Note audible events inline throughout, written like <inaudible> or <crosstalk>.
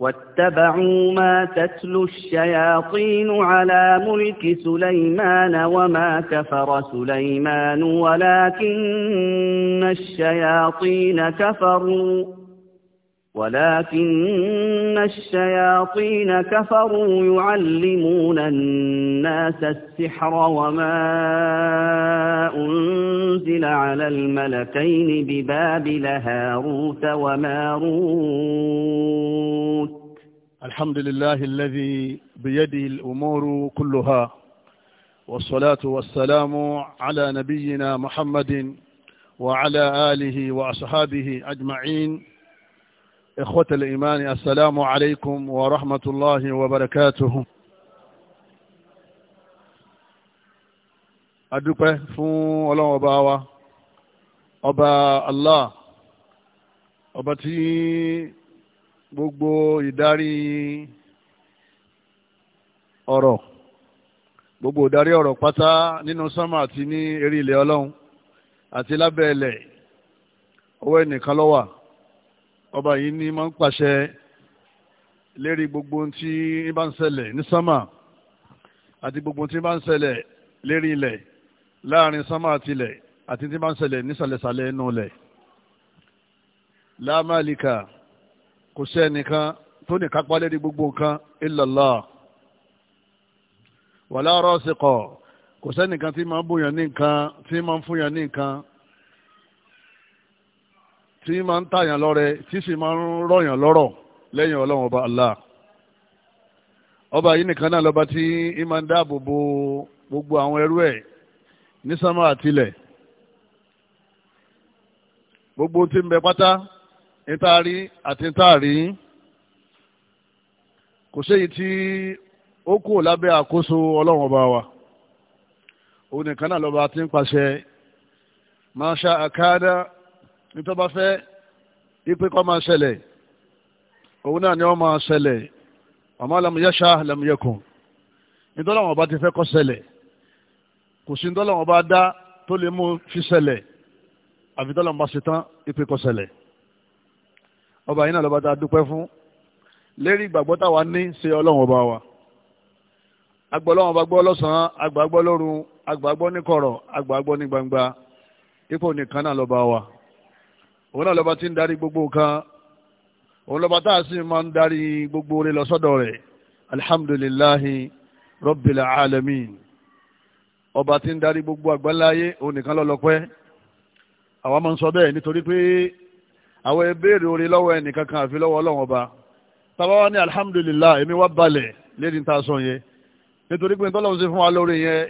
واتبعوا ما تتلو الشياطين على ملك سليمان وما كفر سليمان ولكن الشياطين كفروا ولكن الشياطين كفروا يعلمون الناس السحر وما أنزل على الملكين ببابل هاروت وماروت الحمد لله الذي بيده الأمور كلها والصلاة والسلام على نبينا محمد وعلى آله وأصحابه أجمعين إخوة الإيمان السلام عليكم ورحمة الله وبركاته adúpẹ́ fún ọlọ́run ọba wa ọba Allah ọba tí gbogbo ìdarí ọ̀rọ̀ gbogbo ìdarí ọ̀rọ̀ pátá nínú sánmà àti ní erí ilẹ̀ ọlọ́run àti lábẹ́ ilẹ̀ ọwọ́ ẹnìkan ló wà ọba yìí ni máa ń pàṣẹ lérí gbogbo tí ń bá ń ṣẹlẹ̀ ní àti gbogbo tí ń bá ń ṣẹlẹ̀ lérí ilẹ̀ láàrin sámà àti ilẹ̀ àti tí ń bá ń ṣẹlẹ̀ nísàlẹ̀sàlẹ̀ inú ilẹ̀ láàmàlìkà kò tó ní kápá lérí gbogbo nǹkan kò sẹ́nìkan tí máa ń ní nǹkan tí máa ń ní nǹkan tí máa ń tàyàn lọ́rẹ tí sì máa ń rọ̀yàn lọ́rọ̀ lẹ́yìn ọlọ́run ọba Allah ọba yìí nìkan náà lọ́ba tí ń máa ń dáàbò bo gbogbo àwọn ẹrú ẹ̀ ní sámà àtilẹ̀ gbogbo tí ń bẹ pátá ntaari àti ntaari kò séyìí tí ó kù lábẹ́ àkóso ọlọ́run ọba wa òun nìkan náà lọ́ba tí ń pàṣẹ máa ṣá nítorí bá fẹ́ ipe kọ́ máa ṣẹlẹ̀ òun náà ni wọ́n máa ṣẹlẹ̀ àmọ́ àlàmúyẹ́ṣá àlàmúyẹ́kùn nítorí àwọn ọba ti fẹ́ kọ́ ṣẹlẹ̀ kò sí nítorí àwọn ọba dá tó lè mú fi ṣẹlẹ̀ àfi tọ́lọ̀ bá ṣe tán ipe kọ́ ṣẹlẹ̀ ọba yìí náà lọ́ba tá a dúpẹ́ fún lérí ìgbàgbọ́ táwa ní ṣe ọlọ́run ọba wa agbọ́ ọlọ́run ọba gbọ́ lọ́sàn-án agbàgbọ́ lóru agbàgbọ́ ní kọ̀rọ̀ agbàgbọ́ ní gbangba ipò nìkan náà lọ́ba wa òun náà lọ́ba tí ń darí gbogbo kan òun lọ́ba tá a sì máa ń darí gbogbo rẹ̀ lọ sọ́dọ̀ rẹ̀ alhamdulillahi rabbil alamin ọba tí ń darí gbogbo àgbáláyé òun nìkan lọ́lọ́pẹ́ àwa máa ń sọ bẹ́ẹ̀ nítorí pé àwọn ìbéèrè orí lọ́wọ́ ẹnìkan kan àfi lọ́wọ́ ọlọ́wọ́n ọba tábà wá ní alhamdulillah èmi wá balẹ̀ lédi tá a sọ yẹn nítorí pé tọ́lọ́run ṣe fún wa lórí yẹn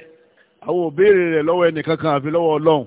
àwọn ìbéèrè rẹ̀ lọ́wọ́ ẹnìkan kan àfi lọ́wọ́ ọlọ́run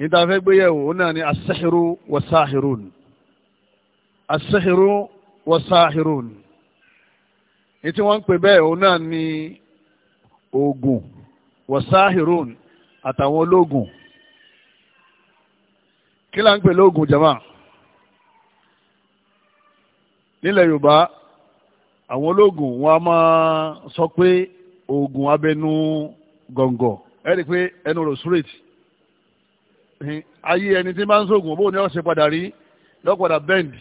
níta fẹ́ gbéyẹ̀wò náà ni asẹ́hìrú wasahirun asẹ́hìrú wasahirun ní tí wọ́n ń pè bẹ́ẹ̀ òun náà ni oògùn wasahirun àtàwọn ológun kí là ń pè lóògùn jama nílẹ̀ yorùbá àwọn ológun wọn a máa sọ pé oògùn abẹnú gọ̀ǹgọ̀ ẹ rí i pé ẹnu rò ayé ẹni tí bá ń sóògùn bóun ni ó ṣe padà rí lọ́padà bẹ́ǹdì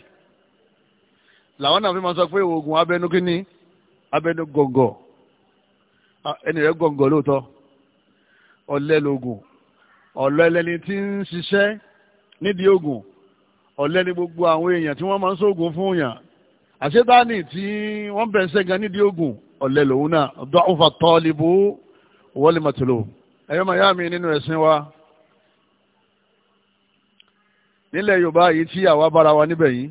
làwọn náà fi máa sọ pé oògùn abẹnú kínní abẹnú gọ̀ǹgọ̀ ẹni rẹ̀ gọ̀ǹgọ̀ lóòótọ́ ọ̀lẹ lóògùn ọ̀lẹ tí ń ṣiṣẹ́ nídìí oògùn ọ̀lẹ ni gbogbo àwọn èèyàn tí wọ́n máa ń sóògùn fún yàn àṣetáni tí wọ́n bẹ̀ ń ṣẹ́gun nídìí oògùn ọ̀lẹ lòun náà dọ́ọ̀fà tọ́ọ̀lì bó wọ́lé mọ̀tòló ẹ̀yọ́ màyá mi nínú ẹ̀sìn wa nílẹ̀ yorùbá yìí tí àwa bára wa níbẹ̀ yìí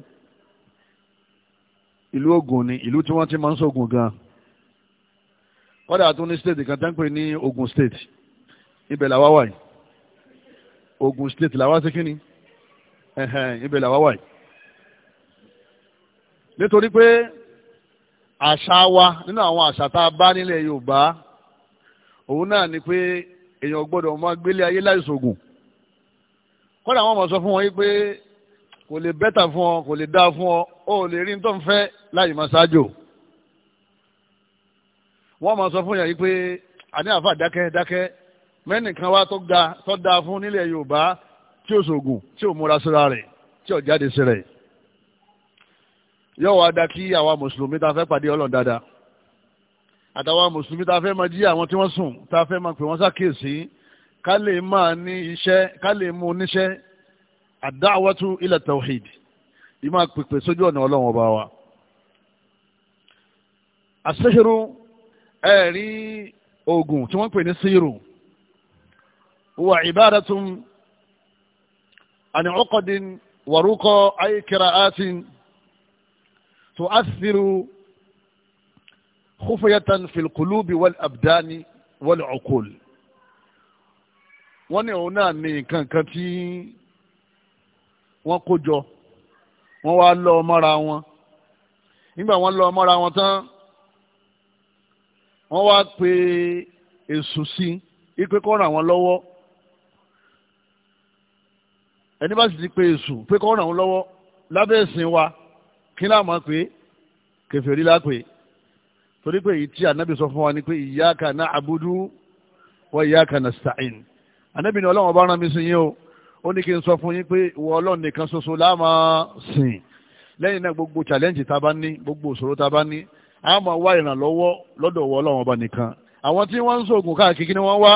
ìlú Ògùn ni ìlú tí wọ́n ti máa ń ṣògùn gan kọ́dà tún ní state kan tán pè ní Ògùn state ibẹ̀ làwa wà yìí Ògùn state làwa sí kínní ibẹ̀ làwa wà yìí nítorí pé àṣà wa nínú àwọn àṣà tá a bá nílẹ̀ yorùbá òun náà ni pé èèyàn gbọ́dọ̀ máa gbélé ayé láìṣògùn kọ́dà àwọn ọmọ sọ fún wọn yìí pé kò lè bẹ́tà fún ọ kò lè dáa fún ọ ó lè rí nítorí fẹ́ láyé máa ṣáájò wọ́n máa sọ fún yàrá yìí pé àní àfa dákẹ́ dákẹ́ mẹ́nìkan wá tó ga tó dáa fún nílẹ̀ Yorùbá tí ó ṣògùn tí ó múra síra rẹ̀ tí ó jáde sí rẹ̀ yóò wá dá kí àwa mùsùlùmí ta fẹ́ pàdé Ọlọ́run dáadáa àtàwa mùsùlùmí ta fẹ́ máa jí àwọn tí wọ́n sùn ta fẹ́ máa pè wọ́n sákèsí ká lè máa ní iṣẹ́ ká lè mú níṣẹ́ àdáwọ́tú ila tawhid ìmọ̀ pèpè sójú ọ̀nà ọlọ́run ọba wa. àṣehìrú ẹ̀rí oògùn tí wọ́n pè ní síìrù wà ìbáratún àni ọkọ̀dín wàrúkọ ayé kira tó àṣìrú khufyatan fil qulubi wal abdani wal uqul wọ́n ní òun náà ní nǹkan kan tí wọ́n kó jọ wọ́n wá lọ mọ́ra wọn nígbà wọ́n lọ mọ́ra wọn tán wọ́n wá pe èṣù sí i pé kó ràn wọ́n lọ́wọ́ ẹni bá sì ti pe èṣù pé kó ràn wọ́n lọ́wọ́ lábẹ́ ẹ̀sìn wa kí náà mọ̀ pé kèfèrí la pè torí pé èyí tí ànábì sọ fún wa ni pé iyyaka na'budu wa iyyaka nasta'in ànábì ni ọlọ́run bá rán mi sí yín o ó ní kí n sọ fún yín pé ìwọ ọlọ́run nìkan ṣoṣo la máa sìn lẹ́yìn náà gbogbo challenge ta bá ní gbogbo òṣòro ta bá ní a máa wá ìrànlọ́wọ́ lọ́dọ̀ wọ ọlọ́run ọba nìkan àwọn tí wọ́n ń ṣoògùn káàkiri ni wọ́n wá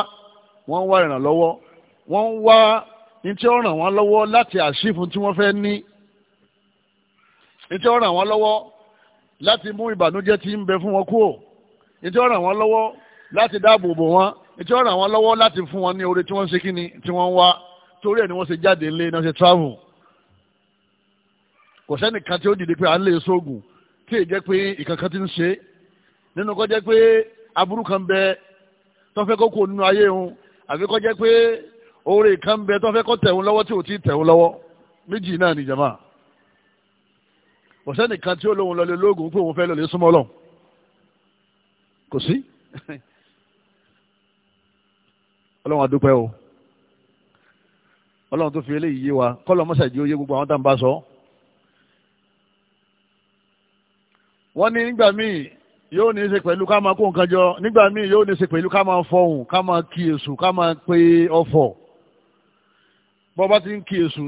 wọ́n ń wá ìrànlọ́wọ́ wọ́n ń wá ní tí ó ràn wọ́n lọ́wọ́ láti àṣìfún tí wọ́n fẹ́ ní ní tí ó ràn wọ́n lọ́wọ́ láti mú ìbànújẹ́ tí ń bẹ fún wọn kúrò ní tí ó ràn wọ́n lọ́wọ́ láti dáàbò bò wọ́n ètò ọ̀ràn àwọn lọ́wọ́ láti fún wọn ní oore tí wọ́n ṣe kí ni tí wọ́n ń wá torí ẹ̀ ni wọ́n ṣe jáde ńlé náà ṣe travel kò sẹ́nìkan tí ó dìde pé à ń lè e sóògùn tí èyí jẹ́ pé ìkankan ti ń ṣe nínú kọ́ jẹ́ pé aburú kan bẹ tọ́fẹ́ kó kó nínú ayé òun àfi kọ́ jẹ́ pé oore kan bẹ tọ́fẹ́ kọ́ tẹ̀hún lọ́wọ́ tí ò tí ì tẹ̀hún lọ́wọ́ méjì náà ni jama. kò sẹ́nìkan tí ó lóun lọlé lóògùn pé òun fẹ́ lọlé súnmọ́ lọ kò sí <laughs> ọlọ́run adúpẹ́ o ọlọ́run tó fi eléyìí yé wa kọ́lọ́ mọ́sàdí ó yé gbogbo àwọn tá à ń bá sọ. wọ́n ní nígbà míì yóò ní í ṣe pẹ̀lú ká máa kó nǹkan jọ nígbà míì yóò ní í ṣe pẹ̀lú ká máa fọhùn ká máa kí èṣù ká máa pe ọfọ̀ bọ́ bá ti ń kí èṣù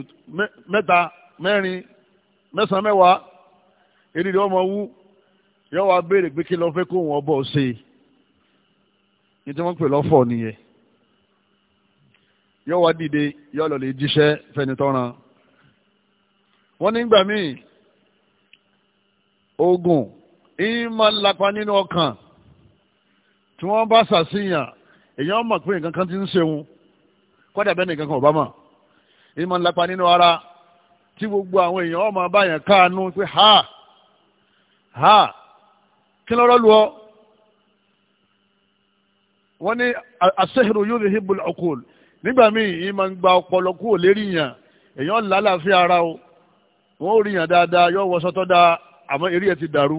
mẹ́ta mẹ́rin mẹ́sàn-án mẹ́wàá èdè ọmọ wú yọ wá béèrè pé kí lọ fẹ́ kó wọn bọ̀ ṣe ní tí wọ́n pè lọ́fọ̀ nìyẹn. yóò wá dìde yóò lọ lè jíṣẹ́ fẹ́ni tọ́ran wọ́n nígbà míì ogun ìyín máa ń lapa nínú ọkàn tí wọ́n bá ṣàṣìyàn èèyàn mọ̀ pé nǹkan kan ara tí gbogbo àwọn èèyàn ọmọ abáyàn káàánú pé ha ha kí lọ́rọ́ lu wọ́n ní yóò lè nígbà míì yìí máa ń gba ọpọlọ kúrò lérí yàn èèyàn lálàáfíà ara o wọn ò rí yàn dáadáa yóò wọṣọ tó dáa àmọ́ eré ẹ ti dàrú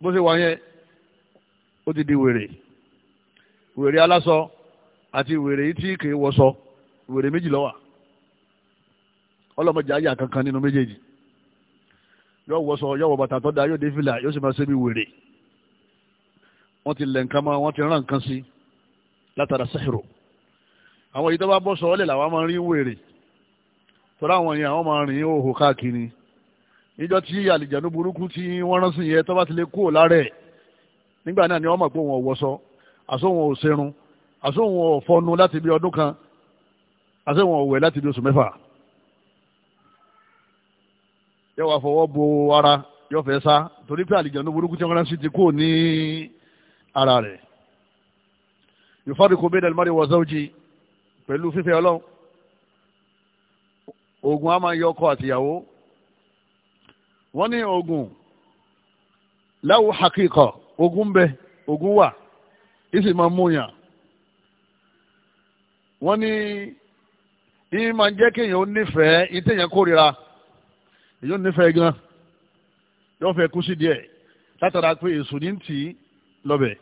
bó ṣe wà yẹn ó ti di wèrè wèrè aláṣọ àti wèrè yìí tí kì í wọṣọ wèrè méjì ló wà ọlọ́mọdé ayé àkankan nínú méjèèjì yóò wọṣọ yóò wọ bàtà tó dáa yóò dé fìlà yóò sì máa ṣe bí wèrè wọ́n ti lẹ̀ nǹkan mọ́ wọ́n ti rán nǹkan sí látara sẹ́hìrò àwọn èyí tó bá bọ́ sọ́ọ́lẹ̀ làwọn máa ń rí wèrè tọ́lá àwọn yẹn àwọn máa ń rìn òhò káàkiri níjọ́ tí àlìjànú burúkú tí wọ́n rán sí yẹn tó ti lè kúrò lárẹ̀ nígbà náà ni wọ́n mọ̀ pé wọn ò wọṣọ àsóhun ò serun àsóhun ò fọnu láti bí ọdún kan àsóhun ò wẹ̀ láti bí oṣù mẹ́fà yóò wá fọwọ́ bo ara yóò fẹ́ sá torí pé àlìjànú burúkú tí wọ́n rán sí ti kúrò ní ara rẹ̀ yóò fárí pẹ̀lú fífẹ́ ọlọ́run oògùn a máa yọ ọkọ àtìyàwó wọ́n ní oògùn láwù hakíkọ oògùn ń bẹ oògùn wà ìsì máa mú yàn wọ́n ní yín máa jẹ́ kéèyàn ó nífẹ̀ẹ́ yín téèyàn kórira èyí ó nífẹ̀ẹ́ gan yóò fẹ́ kú sí díẹ̀ látara pé èso ní ń tì í lọ́bẹ̀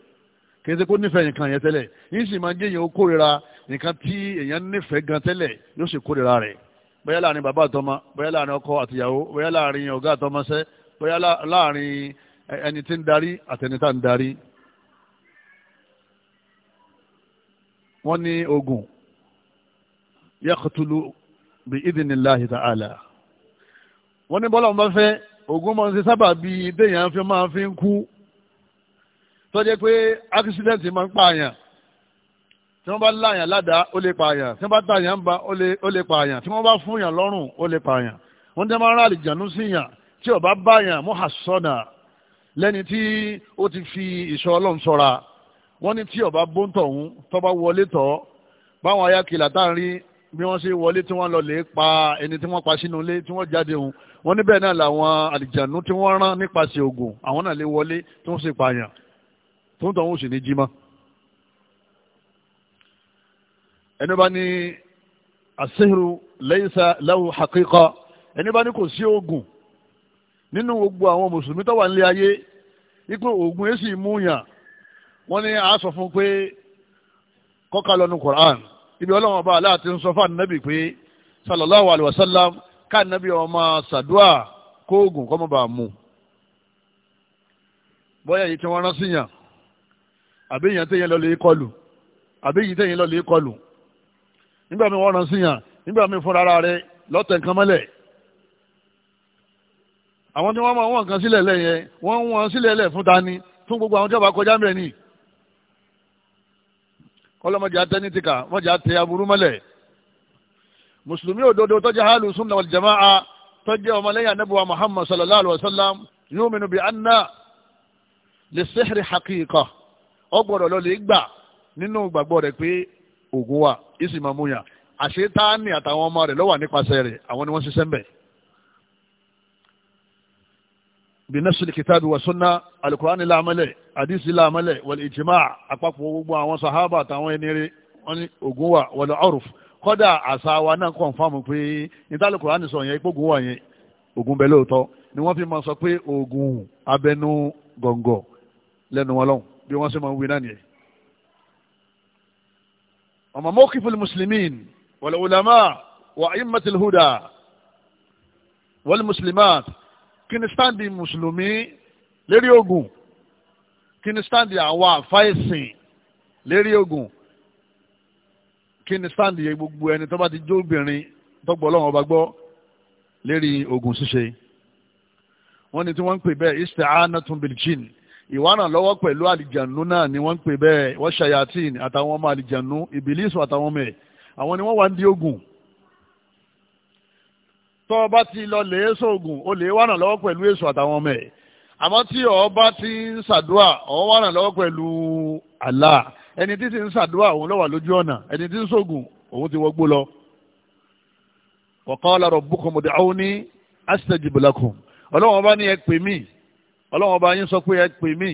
kí ẹ ti kó nífẹ̀ẹ́ yẹn kan yẹn tẹ́lẹ̀ yín sì máa jẹ́ yẹn ó kórira nǹkan tí èèyàn nífẹ̀ẹ́ gan tẹ́lẹ̀ yóò sì kórìíra rẹ̀ bóyá láàrin bàbá àtọmọ bóyá láàrin ọkọ àtìyàwó bóyá láàrin ọ̀gá àtọmọṣẹ́ bóyá láàrin ẹni tí ń darí àtẹni tá ń darí. wọ́n ní ogun yaqtulu bi idhnillahi ta'ala wọ́n ní bọ́lá ọmọ fẹ́ ogun máa ń ṣe sábà bíi déèyàn fi máa fi ń kú tọ́jú pé accident máa ń pààyàn tí wọ́n bá láyàn ládàá ó lè pààyàn tí wọ́n bá tàyàn ń ba ó lè pààyàn tí wọ́n bá fún yàn lọ́rùn ó lè pààyàn wọ́n tẹ́ máa ń rà àlìjànú sí yàn tí ó bá báyàn mú àsọ̀nà lẹ́ni tí ó ti fi ìṣọ́ ọlọ́run sọ́ra wọ́n ní tí ó bá bóńtọ̀ ń tó bá wọlé tọ́ báwọn ayákìlá tá à ń rí bí wọ́n ṣe wọlé tí wọ́n lọ lè pa ẹni tí wọ́n pa sínú ilé tí wọ́n jáde òun wọ́n níbẹ̀ náà làwọn àlìjànú tí wọ́n rán nípasẹ̀ ògùn àwọn náà lè wọlé tí wọ́n ṣe pààyàn tó ń tọ́ òun sì ní jímọ́. ẹni bá ní àṣehìrù lẹ́yìnsá láwù àkíkọ ẹni bá ní kò sí oògùn nínú gbogbo àwọn mùsùlùmí tó wà nílé ayé ipò oògùn èsì múyàn wọ́n ní a sọ fún pé kọ́ka lọ́nu Qur'an ibi ọlọ́run ọba aláàtí ń sọ fún pé sallallahu alayhi wa sallam ká ànábì ọmọ sàdúà kóògùn kọ́mọ́ bá mú bọ́yá yìí tí wọ́n rán àbí nígbà mi wọ́n ràn sí yàn nígbà mi fúnra ara rẹ lọ́tẹ̀ nǹkan mọ́lẹ̀ àwọn tí wọ́n máa wọ́n nǹkan sílẹ̀ lẹ́yìn wọ́n ń wọ́n sílẹ̀ lẹ̀ fún tani fún gbogbo àwọn tí wọ́n bá kọjá mẹ́rin ni kọ́lọ́mọdé atẹ́ ní tìkà mọ́jà tẹ aburú mọ́lẹ̀ mùsùlùmí òdodo tọ́jú hálù sunna wal jamaa tọ́jú ọmọlẹ́yìn anábùwà muhammad sallallahu alayhi wa ògùn wa ìsì máa mú yàn àṣetáàní àtàwọn ọmọ rẹ̀ lọ́wọ́ nípasẹ̀ rẹ̀ àwọn ni wọ́n ṣiṣẹ́ ń bẹ̀. bínásílì kìtàbí wa sunna alukurani làmọ́lẹ̀ àdìsí làmọ́lẹ̀ wal ijma àpapọ̀ gbogbo àwọn sahaba àtàwọn ẹni rẹ̀ wọ́n ní ògùn wa wal urf kọ́dà àṣà wa náà kọ̀ǹfàmù pé níta alukurani sọ yẹn ìpógun wà yẹn ògùn bẹ́ẹ̀ lóòótọ́ ni wọ́n fi máa sọ pé ògùn abẹnú gọ̀ǹgọ̀ lẹ́nu wọn lọ́hùn bí wọ́n ṣe máa ń wí náà nìyẹn ọmọ mawqif al-muslimin wal-ulama wa a'immat al-huda wal-muslimat kí ni sáǹdì mùsùlùmí lérí ogun kí ni sáǹdì àwọn àfáìsìn lérí ogun kí ni sáǹdì gbogbo ẹni tó bá ti jó obìnrin tó gbọ́ Ọlọ́run ọba gbọ́ lérí ogun ṣíṣe wọ́n ní tí wọ́n ń pè bẹ́ẹ̀ isti'anatun bil jinn ìwárànlọ́wọ́ pẹ̀lú àlìjànú náà ni wọ́n ń pè bẹ́ẹ̀ wọ́n ṣayatin àtàwọn ọmọ àlìjànú ìbílísù àtàwọn ọmọ ẹ̀ àwọn ni wọ́n wà ń di ogun tọ́ ọba ti lọ lè é sóògùn o lè wárànlọ́wọ́ pẹ̀lú èso àtàwọn ọmọ ẹ̀ àmọ́ tí ọba ti ń ṣàdúà ọ wárànlọ́wọ́ pẹ̀lú Allah ẹni tí ti ń ṣàdúà òun ló wà lójú ọ̀nà ẹni tí ń sóògùn òun ti wọgbó lọ. wa qala rabbukum ud'uni astajib lakum ọlọ́wọ́n bá ní ẹ pè mí ọlọ́run ọba yín sọ pé ẹ pè mí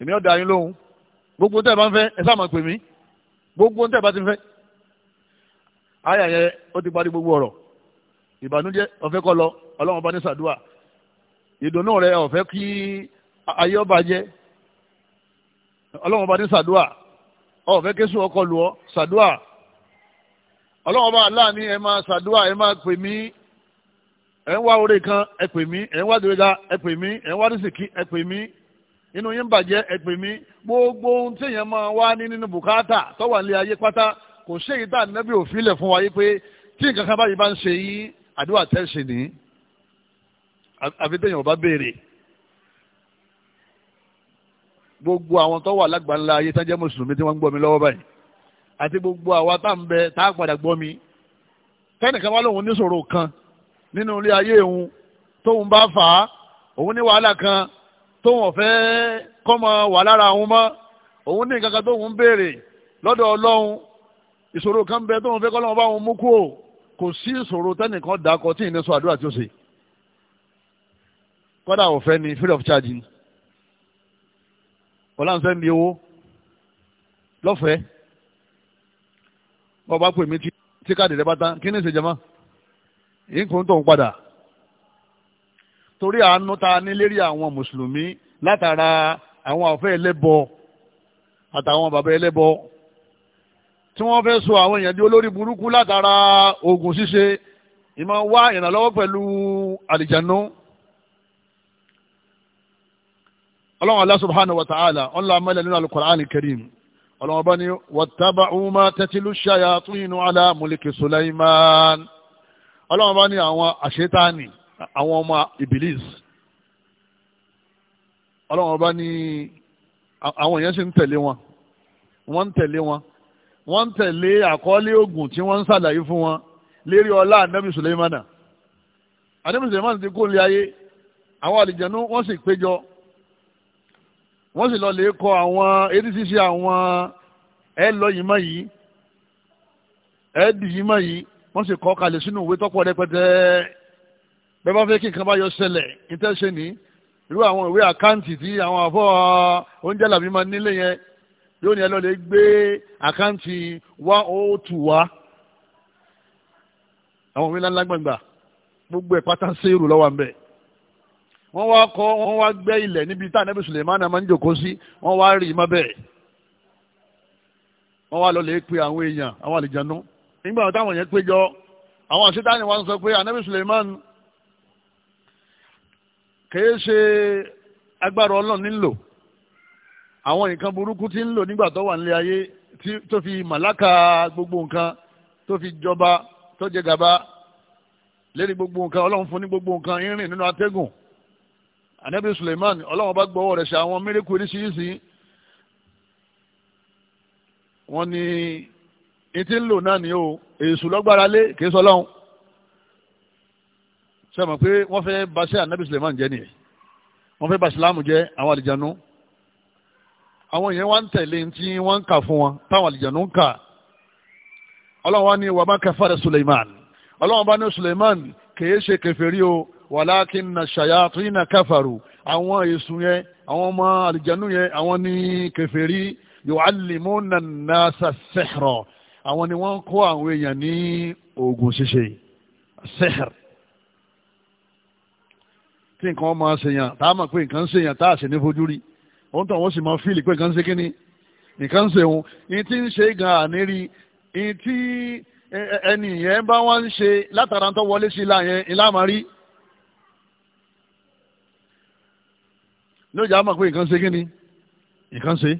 èmi ọ̀dà yín lóhùn gbogbo tẹ́ ẹ bá ń fẹ́ ẹ sáà máa pè mí gbogbo tẹ́ ẹ bá ti ń fẹ́ ayà yẹn ó ti parí gbogbo ọ̀rọ̀ ìbànújẹ́ ọ̀fẹ́ kọ́ lọ ọlọ́run ọba ní sàdúà ìdùnnú rẹ ọ̀fẹ́ kí ayé ọba jẹ́ ọlọ́run ọba ní sàdúà ọ̀fẹ́ késù ọkọ lù ọ sàdúà ọlọ́run ọba aláàánú ẹ máa sàdúà ẹ máa pè mí ẹ̀ ń wá orí kan ẹ pè mí ẹ̀ ń wá dèrèdà ẹ pè mí ẹ̀ ń wá dísìkì ẹ pè mí inú yín bàjẹ́ ẹ pè mí gbogbo ohun téèyàn máa wá ní nínú bùkátà tó wà ayé pátá kò ṣe èyí tá ànábì òfin lẹ̀ fún wa yí pé tí nǹkan kan báyìí bá ń ṣe yín àdúrà tẹ́sí ní àfi téèyàn ò bá béèrè gbogbo àwọn tó lágbàńlá ayé tá jẹ́ mùsùlùmí tí wọ́n gbọ́ mi lọ́wọ́ báyìí àti gbogbo àwa tá ń bẹ tá a padà gbọ́ mi tẹ́nìkan wá lóun níṣòro kan nínú ilé ayé òun tóun bá fà á òun ní wàhálà kan tóun ọ̀fẹ́ kọ́mọ wà lára òun mọ́ òun ní nǹkan kan tóun béèrè lọ́dọ̀ ọlọ́run ìṣòro kan bẹ tóun fẹ́ kọ́lọ́run bá òun mú kú o kò sí ìṣòro tẹ́nìkan dàkọ tí ìní àdúrà tí ó ṣe kọ́dà ọ̀fẹ́ ni free of charge ni ọ̀làǹsẹ́ ni owó lọ́fẹ̀ẹ́ bọ́ọ̀ bá pè mí tí káàdì rẹ bá tán kí ni ìṣèjọba yìí kò ń tó ń padà torí àánú ta ní lérí àwọn mùsùlùmí látara àwọn àfẹ́ ẹlẹ́bọ àtàwọn bàbá ẹlẹ́bọ tí wọ́n fẹ́ sọ àwọn èèyàn di olórí burúkú látara oògùn ṣíṣe ìmọ̀ wá ìrànlọ́wọ́ pẹ̀lú àlìjànú ọlọ́run Allah subhanahu wa ta'ala ọlọ́run amẹ́lẹ̀ nínú al-Qur'an al-Karim ọlọ́run ọba ni wattaba'u ma tatlu shayatinu ala mulki Sulaiman ọlọ́run bá ní àwọn àṣetáàní àwọn ọmọ ibilis ọlọ́run bá ní àwọn èèyàn sì ń tẹ̀lé wọn wọ́n ń tẹ̀lé wọn wọ́n ń tẹ̀lé àkọọ́lẹ̀ oògùn tí wọ́n ń ṣàlàyé fún wọn lérí ọlá anabi suleimana anabi suleimana ti kó lé ayé àwọn àlìjẹ̀nú wọ́n sì péjọ wọ́n sì lọ lè kọ àwọn eréṣiṣẹ́ àwọn ẹ lọ yìí mọ́ yìí ẹ dì yìí mọ́ yìí wọ́n sì kọ́ kalẹ̀ sínú ìwé tọ́pọ̀ rẹpẹtẹ bẹ́ẹ̀ bá fẹ́ kí nǹkan bá yọ ṣẹlẹ̀ ìtẹ́sẹ̀ ní irú àwọn ìwé àkáǹtì tí àwọn àfọ oúnjẹ làbí máa nílé yẹn yóò ní ẹ lọ́ọ́ lè gbé àkáǹtì one oh two wá àwọn òwe ńláńlá gbàngbà gbogbo ẹ̀ pátá séèrù lọ́wọ́ à ń bẹ̀ wọ́n wá kọ́ wọ́n wá gbẹ́ ilẹ̀ níbi tá ànábì Suleiman máa ń jòkó sí wọ́n wá rí i má bẹ́ẹ̀ wọ́n wá lọ lè àwọn èèyàn àwọn àlìjánu nígbà táwọn yẹn péjọ àwọn àṣetáni wa ń sọ pé anabi suleiman kìí ṣe agbára ọlọ́run nílò àwọn nǹkan burúkú tí ń lò nígbà tó wà nílé ayé tó fi màláka gbogbo nǹkan tó fi jọba tó jẹ gàba lérí gbogbo nǹkan ọlọ́run fún ní gbogbo nǹkan irin nínú atẹ́gùn anabi suleiman ọlọ́run bá gbọ́wọ́ rẹ̀ àwọn mérekù oríṣiríṣi wọ́n ní ètí ń lò náà ni o èṣù lọ́gbára lé kìí sọ lọ́hùn ṣe mọ̀ pé wọ́n fẹ́ baṣẹ́ anabi suleiman jẹ́ nìyẹn wọ́n fẹ́ ba ìsìlámù jẹ́ àwọn àlìjánu àwọn yẹn wá ń tẹ̀lé tí wọ́n ń kà fún wọn táwọn àlìjánu ń kà ọlọ́run wá ní wa ma kafara suleiman ọlọ́run bá ní suleiman kìí ṣe kèfèrí o walakinna shayatina kafaru àwọn èṣù yẹn àwọn ọmọ àlìjánu yẹn àwọn ní kèfèrí yu'allimuna àwọn ni wọ́n ń kó àwọn èèyàn ní oògùn ṣíṣe sẹ́hẹ̀r tí nǹkan máa ṣèyàn tá a mọ̀ pé nǹkan ń ṣèyàn tá a sì ní fojú rí òun tó àwọn sì máa fíìlì pé nǹkan ń ṣe kínní nǹkan ń ṣeun ní tí ń ṣe gan àníri ní tí ẹni yẹn bá wá ń ṣe látara tó wọlé sí ilá yẹn ilá máa rí lójà á mọ̀ pé nǹkan ń ṣe kínní nǹkan ń ṣe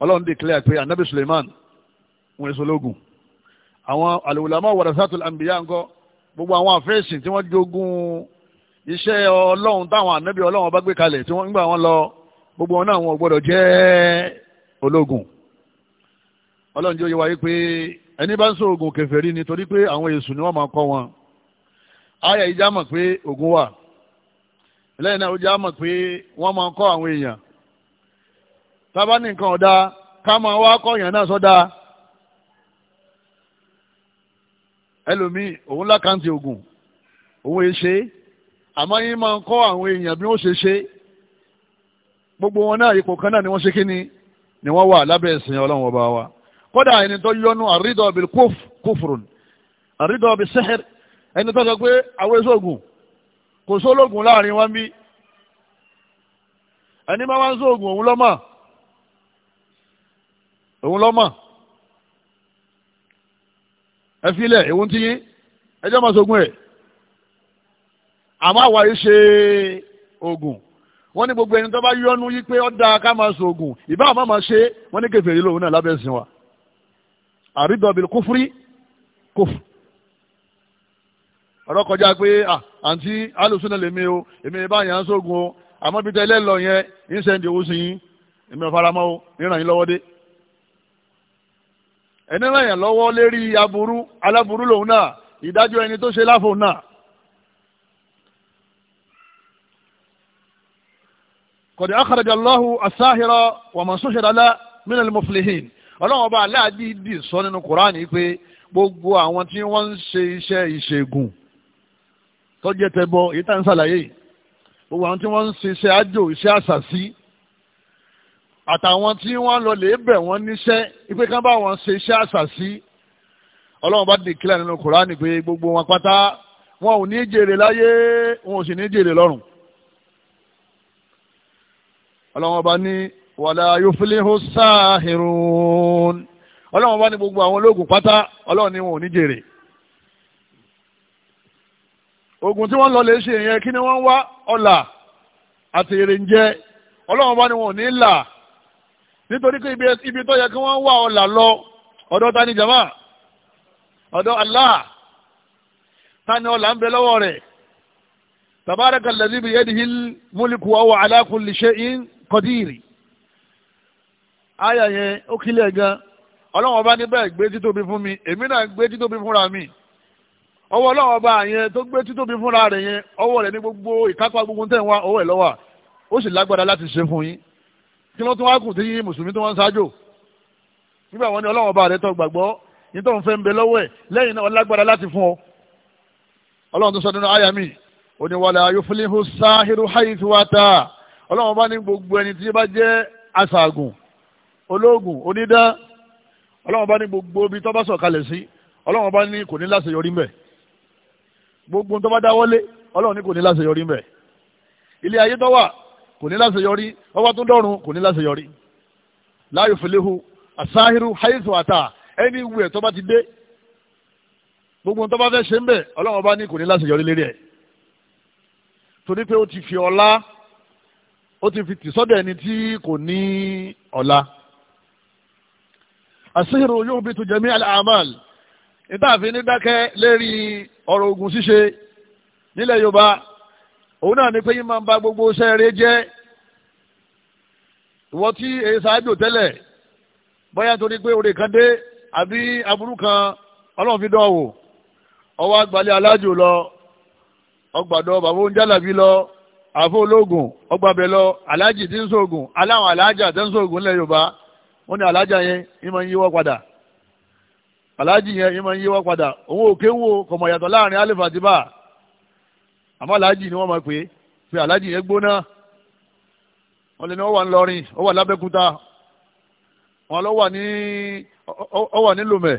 ọlọ́run declare pé anabi suleiman wọn èso lógun àwọn alùwùlámọ̀ warasatul anbiya ńkọ́ gbogbo àwọn àfẹ́sìn tí wọ́n jogún iṣẹ́ ọlọ́run táwọn anabi ọlọ́run bá gbé kalẹ̀ tí wọ́n ń gbà wọ́n lọ gbogbo wọn náà wọn ò gbọ́dọ̀ jẹ́ ológun ọlọ́run jẹ́ oyè wáyé pé ẹni bá ń sọ oògùn kèfèrí ni torí pé àwọn èṣù ni wọ́n máa kọ́ wọn ayé ìjà mọ̀ pé oògùn wà lẹ́yìn náà ó já mọ̀ pé wọ́n máa kọ́ àwọn èèyàn tábà ní nǹkan ọ̀dà ká máa wá kọ̀yàn náà sọ́dà ẹlòmíì òun lákàntì ògùn òun è ṣe àmọ́ yín máa ń kọ́ àwọn èèyàn bí wọ́n ṣe ṣe gbogbo wọn náà ipò kan náà ni wọ́n ṣe kí ni ni wọ́n wà lábẹ́ ẹ̀sìn ọlọ́run ọba wa kódà ẹni tó yọnu àrídọ̀ bí kófùrùn àrídọ̀ bí sẹ́hẹ̀r ẹni tó sọ pé àwọn èso ògùn kò sólógùn láàrin wọn bí ẹni máa wá ń sóògùn òun lọ́mọ́ òun lọ́mọ̀ ẹ filẹ̀ èwo ń tiyín ẹjọ́ máa sogún ẹ̀ àmọ́ àwa yìí ṣe oògùn wọ́n ní gbogbo ẹni tó bá yọnu yí pé ó dáa ká máa sògùn ìbá àmọ́ máa ṣe wọ́n ní kẹfẹ́ lòun náà lábẹ́ sin wa àrídọ̀bìl kófúrí kófù ọ̀rọ̀ kọjá pé àǹtí alùsùn náà lèmi o èmi ìbá yẹn á sògùn o àmọ́ bí tẹ́lẹ̀ lọ yẹn ń owó sí yín èmi ò o ìràn ẹni ràn yàn lọ́wọ́ lérí aburú aláburú lòun náà ìdájọ́ ẹni tó ṣe láfò náà. kọ̀dé akarajallahu asahira wàmọ̀sọ́sẹ̀dálá minal muflihin ọlọ́run ọba aláàdí dì sọ nínú kùránì pé gbogbo àwọn tí wọ́n ń ṣe iṣẹ́ ìṣègùn tọ́jẹ́ tẹ́bọ èyí tá n ṣàlàyé gbogbo àwọn tí wọ́n ń ṣe iṣẹ́ àjò iṣẹ́ àtàwọn tí wọ́n lọ lè bẹ̀ wọ́n níṣẹ́ ipe kan bá wọn ṣe iṣẹ́ àṣàṣì ọlọ́run bá dìkílẹ̀ nínú kùránì pé gbogbo wọn pátá wọn ò ní jèrè láyé wọn ò sì ní jèrè lọ́run ọlọ́run bá ní wàlá yuflihu sáhìrún ọlọ́run bá ní gbogbo àwọn ológun pátá ọlọ́run ní wọn ò ní jèrè ogun tí wọ́n lọ lè ṣe yẹn kí ni wọ́n wá ọ̀la àti èrè ń jẹ ọlọ́run bá ní wọn ò ní là nítorí pé ibi tó yẹ kí wọ́n wà ọ̀là lọ ọ̀dọ̀ ta ni jama ọ̀dọ̀ Allah ta ni ọ̀là ń bẹ lọ́wọ́ rẹ̀ tabaraka allazi bi yadihi mulku wa huwa ala kulli shay'in qadir aya yẹn ó kílẹ̀ gan ọlọ́wọ́n bá níbẹ̀ gbé títóbi fún mi èmi náà gbé títóbi fúnra mi ọwọ́ ọlọ́wọ́n bá yẹn tó gbé títóbi fúnra rẹ̀ yẹn ọwọ́ rẹ̀ ní gbogbo ìkápá gbogbo tẹ̀ wá ọwọ́ ẹ̀ lọ́wọ́ ó sì lágbára láti ṣe fún yín kí ló tún wá kù tí mùsùlùmí tó wọ́n ń ṣáájò nígbà wọn ni ọlọ́wọ́n bá rẹ tó gbàgbọ́ ní tó ń fẹ́ ń bẹ lọ́wọ́ ẹ̀ lẹ́yìn náà ọlágbára láti fún ọ ọlọ́run tó sọ nínú àyà mi oníwàlẹ̀ ayọ́fúnléhùn sáhírù háyìtì wá ta ọlọ́run bá ní gbogbo ẹni tí bá jẹ́ aṣàgùn ológun onídán ọlọ́run bá ní gbogbo ibi tó bá sọ̀kalẹ̀ sí ọlọ́run bá ní kò ní láṣeyọrí kò ní láṣeyọrí ọba tó dọ́run kò ní láṣeyọrí láyò fìlíhu àsáhírù haythu àtà ẹni wù ẹ̀ tó bá ti dé gbogbo tó bá fẹ́ ṣe ń bẹ̀ ọlọ́run ọba ní kò ní láṣeyọrí lérí ẹ̀ torí pé ó ti fi ọlá ó ti fi tì ẹni tí kò ní ọlá àṣehìrò yóò bí tu jẹ̀mí àmàl ní dákẹ́ lérí ọ̀rọ̀ ogun ṣíṣe nílẹ̀ yorùbá òun náà ni pé yín máa ba gbogbo sere jẹ́ ìwọ tí èyí ṣáájú tẹ́lẹ̀ bóyá ní pé òde kan dé àbí aburú kan ọlọ́run ọwọ́ alájò lọ ọgbàdọ̀ bàbá oúnjẹ lọ àfọ ológun ọgbàbẹ lọ alájì tí ń aláwọn alájà tí ń yorùbá wọn ni alájà yẹn ń padà alájì yẹn ń padà òun àmọ́ aláàjì ni wọ́n máa pè é pé aláàjì yẹn gbóná wọ́n lè ní ọwà ńlọrin ọwà lábẹ́kúta wọ́n lọ wà ní ọwà nílùmẹ̀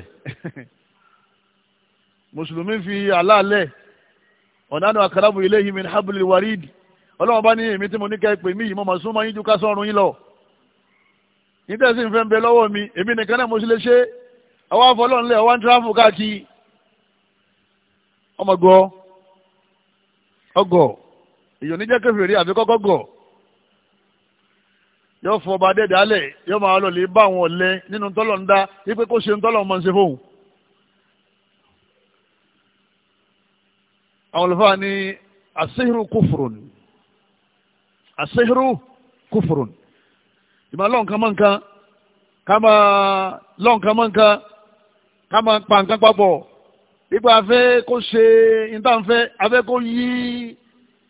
<laughs> mùsùlùmí fi aláàlẹ̀ ọ̀nàdùn àkàràbù ilayhi min hablil warid ọlọ́wọ́n bá ní èmi tí mo ní kẹ́ pè mí yìí mo mà súnmọ́ yín ju ká sọ́run yín lọ nítẹ̀sí ń ń bẹ lọ́wọ́ mi èmi nìkan náà mo sì lè ṣe àwọn afọlọ́nlẹ̀ àwọn tíráfù káàkiri ọmọ gbọ́ ọgọ̀ èyàn níjẹ́ kẹfìrí àfi kọ́kọ́ gọ̀ yóò fọ ọba adé dálẹ̀ yóò máa lọ lè bá àwọn nínú tọ́lọ̀ ń dá wípé kó ṣe ń tọ́lọ̀ mọ́ ṣe fóun. àwọn olùfà kúfùrùn kúfùrùn ìmọ̀ ká máa ká máa pa nǹkan nípa afe kó ṣe ìtànfẹ́ afẹ́ kó yí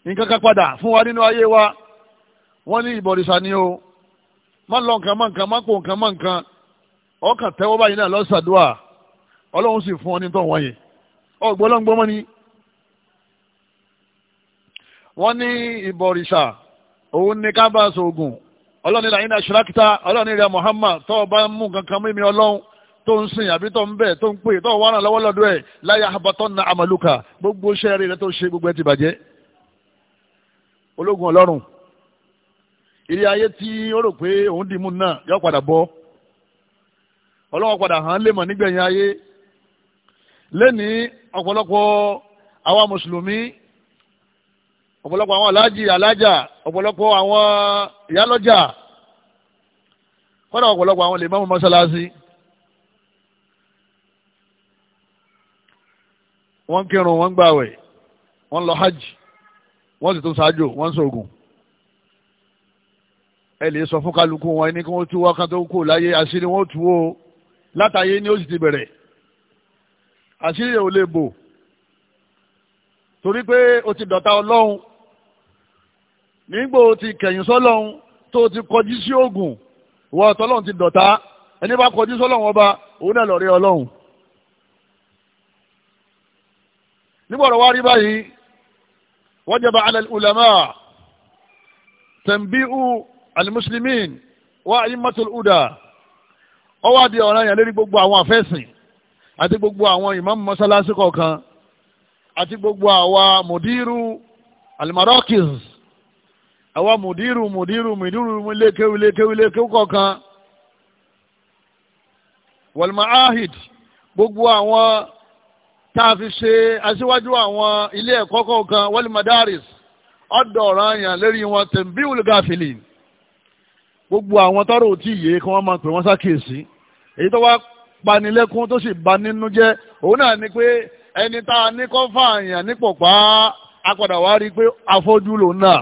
nǹkan kan padà fún wa nínú ayé wa wọ́n ni o má lọ nǹkan má nǹkan má kó nǹkan má nǹkan ọkàn ka báyìí náà lọ́sàdúà ọlọ́run sì fún ọ ní tọ́ wọ́n yẹn ọgbọ́n mọ́ ni. wọ́n ní ìbọ̀rìṣà òun ní ká bá a sọ ògùn ọlọ́run rẹ̀ Muhammad tọ́ ọ bá mú nǹkan tó ń sìn àbí tó ń bẹ̀ tó ń pè tó ń wá ràn ẹ̀ láyà àbátọ́ na àmàlùkà gbogbo iṣẹ́ rẹ̀ tó ṣe gbogbo ẹ̀ ti bàjẹ́ ológun ọlọ́run ilé ayé tí ó rò pé òun dì mú náà yọ padà bọ́ ọlọ́wọ́ padà hàn lè mọ̀ nígbẹ̀yìn ayé lẹ́nìí ọ̀pọ̀lọpọ̀ àwa mùsùlùmí ọ̀pọ̀lọpọ̀ àwọn aláàjì alájà ọ̀pọ̀lọpọ̀ àwọn ìyálọ́jà kọ́dà ọ̀pọ̀lọpọ̀ àwọn lè mọ́mú mọ́sálásí wọ́n kírun wọ́n gbàwẹ̀ wọ́n lọ hajj wọ́n sì tún ṣáájú wọ́n sọ̀gùn ẹ lè sọ fún kálukú wọn ẹni kí wọ́n tú wákàtí tó kù láyé àṣírí wọn tú o látàyé ni ó sì ti bẹ̀rẹ̀ àṣírí ò lè bò torí pé o ti dọ̀tá ọlọ́run nígbà o ti kẹ̀yìn sọ́lọ́run tó ti kọjú sí oògùn ìwọ ọ̀tọ́lọ́run ti dọ̀tá ẹni bá kọjú sọ́lọ́run ọba òun náà lọ rí ọlọ́run. nígbọ̀rọ̀ wá rí báyìí wajaba ala al-ulama tanbihu al-muslimin wa a'immatul huda ó wá di ọ̀ràn yẹn lórí gbogbo àwọn àfẹ́sìn àti gbogbo àwọn imam mọ́sálásí kọ̀ọ̀kan àti gbogbo àwa mùdírù al àwa mùdírù mùdírù mùdírù lékewu lékewu lékewu kọ̀ọ̀kan wal ma'ahid gbogbo àwọn tá a fi ṣe aṣíwájú àwọn ilé ẹ̀kọ́ kọ̀ọ̀kan wọ́lì madaris ọ̀dọ̀ ọ̀ràn yàn lérí wọn tẹ̀m̀bí olùgáfìlì gbogbo àwọn tọrọ òtí yìí kí wọ́n máa pè wọ́n sákèsí èyí tó wá panilẹ́kún tó sì bà nínú jẹ́ òun náà ni pé ẹni tá a ní kọ́ fààyàn nípò pa á padà wá rí i pé afọ́jú lòun náà.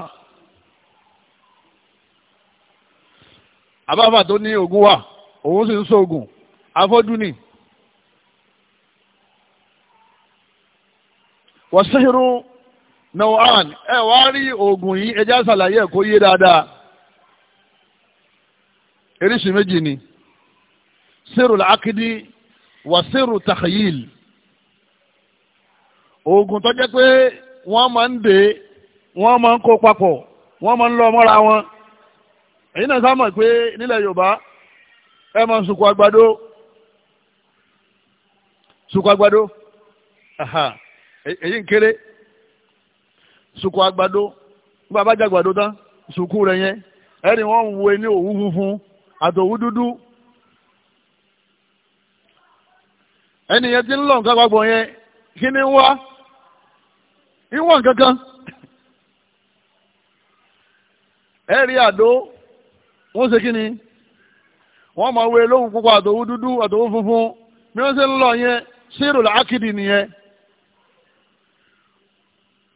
àbáfà tó ní oògùn wà òun sì ń sọ oògùn afọ́jú ni. wọ́sẹ̀rù nàwọ́n ẹ wá rí oògùn yìí ẹjẹ́ àṣàlàyé ẹ̀kọ́ yé dáadáa eréṣin méjì ni sẹ́rù làákìdí wa sẹ́rù oògùn tó jẹ́ pé wọ́n máa ń dè wọ́n máa ń kó papọ̀ wọ́n máa ń lọ wọn èyí náà pé Yorùbá ẹ máa sunkún sunkún èyí e-, ń kéré agbado, àgbàdo nígbà bá jàgbàdo tán sùkú rẹ̀ yẹn ẹni ń wo ní òwú funfun àtòwú dúdú ẹni yẹn ti ń lọ nǹkan yẹn kí ni ń wá ń nǹkan kan àdó wọ́n ṣe kí ni wọ́n máa lóhùn dúdú funfun bí wọ́n ṣe ń lọ yẹn sírò làákìdì nìyẹn.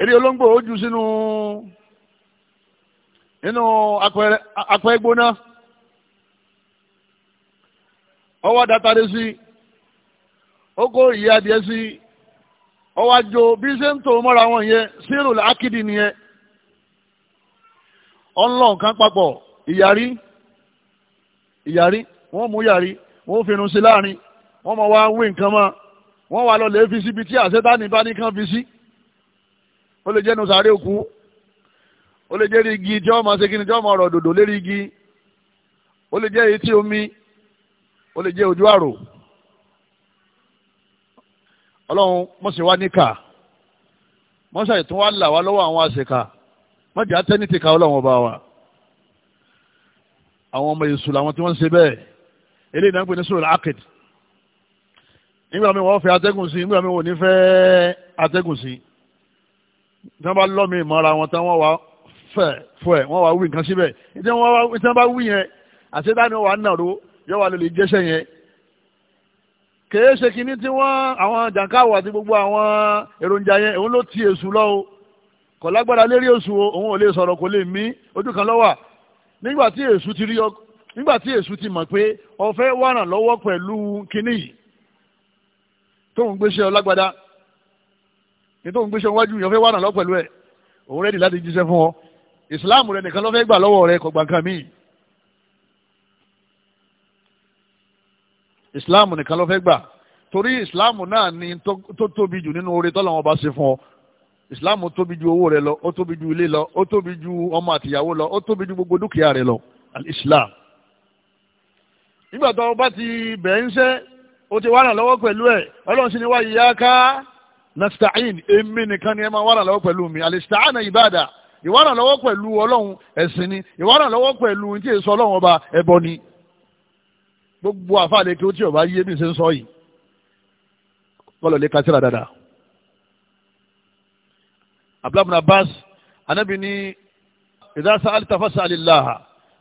eri olóńgbò ó ju sínú nínú akọ ẹgbóná ọwọ́ datare sí ó ìyá adìẹ sí ọwọ́ àjò bí ṣe ń tò mọ́ra wọn yẹn sírù akidi nìyẹn papọ̀ ìyàrí ìyàrí wọ́n mú yàrí wọ́n sí láàrin wọ́n mọ̀ wá wí nǹkan mọ́ ó lè jẹ́nu sàárè òkú ó lè jẹ́ rí igi tí ọmọ ṣe kíni tí ọmọ ọ̀rọ̀ dòdò lérí igi ó lè jẹ́ etí omi ó lè jẹ́ ojú àrò ọlọ́run mọ̀sẹ̀ wá níkà mọ́sẹ̀ tún wá là wá lọ́wọ́ àwọn àṣekà mọ̀jà tẹ́ni ti ka ọlọ́run ọba wa àwọn ọmọ èṣù làwọn tí wọ́n ń ṣe bẹ́ẹ̀ eléyìí náà ń pè ní sùúrù akid nígbà mi wọ́n fẹ́ atẹ́gùn sí nígbà mi wọ́n ní fẹ́ atẹ́gùn sí tí wọ́n bá lọ́mí ìmọ̀ra wọn tí wọ́n wá fẹ́ fọ́ ẹ̀ wọ́n wá wí nǹkan síbẹ̀ tí wọ́n bá wí yẹn àṣetáni wà nàró yọ wà lórí jẹ́sẹ̀ yẹn kèé ṣe kínní tí wọ́n àwọn jàǹkáwò àti gbogbo àwọn èròjà yẹn òun ló ti èṣù lọ o kò lágbára lérí èṣù o òun ò lè sọ̀rọ̀ kò lè mí ojú kan ló wà nígbà tí èṣù ti rí nígbà tí èṣù ti mọ̀ pé ó fẹ́ wá ràn lọ́wọ́ pẹ̀lú kínní yìí tóun gbéṣẹ́ ọlágbádá ní tó ń gbéṣẹ́ wájú yẹn fẹ́ wà náà lọ pẹ̀lú ẹ̀ òun rẹ́dì láti jíṣẹ́ fún ọ ìsìláàmù rẹ nìkan ló fẹ́ gbà lọ́wọ́ rẹ kò gbà nǹkan míì ìsìláàmù nìkan ló fẹ́ gbà torí ìsìláàmù náà ni tó tóbi jù nínú oore tọ́lọ́wọ́n bá ṣe fún ọ Islam, tóbi ju owó rẹ lọ ó tóbi ju ilé lọ ó tóbi ju ọmọ àtìyàwó lọ ó tóbi ju gbogbo dúkìá rẹ lọ islam nígbà tó o bá ti bẹ̀ ń ṣẹ́ o ti wá ràn lọ́wọ́ pẹ̀lú ẹ̀ ọlọ́run sì ni wá yíyá ká nasta'in èmi nìkan ni ẹ máa wá ràn lọ́wọ́ pẹ̀lú mi alista'ana ìbàdà ìwárà lọ́wọ́ pẹ̀lú ọlọ́run ẹ̀sìn ni ìwárà lọ́wọ́ pẹ̀lú tí èso ọlọ́run ọba ẹbọ ni gbogbo àfàlẹ́ kí ó tí ọba yé bí ṣe ń sọ yìí kọlọ̀ lè kásìrà dáadáa. abdulhamid abbas anabi ni ìdásá alitafa sàlìláha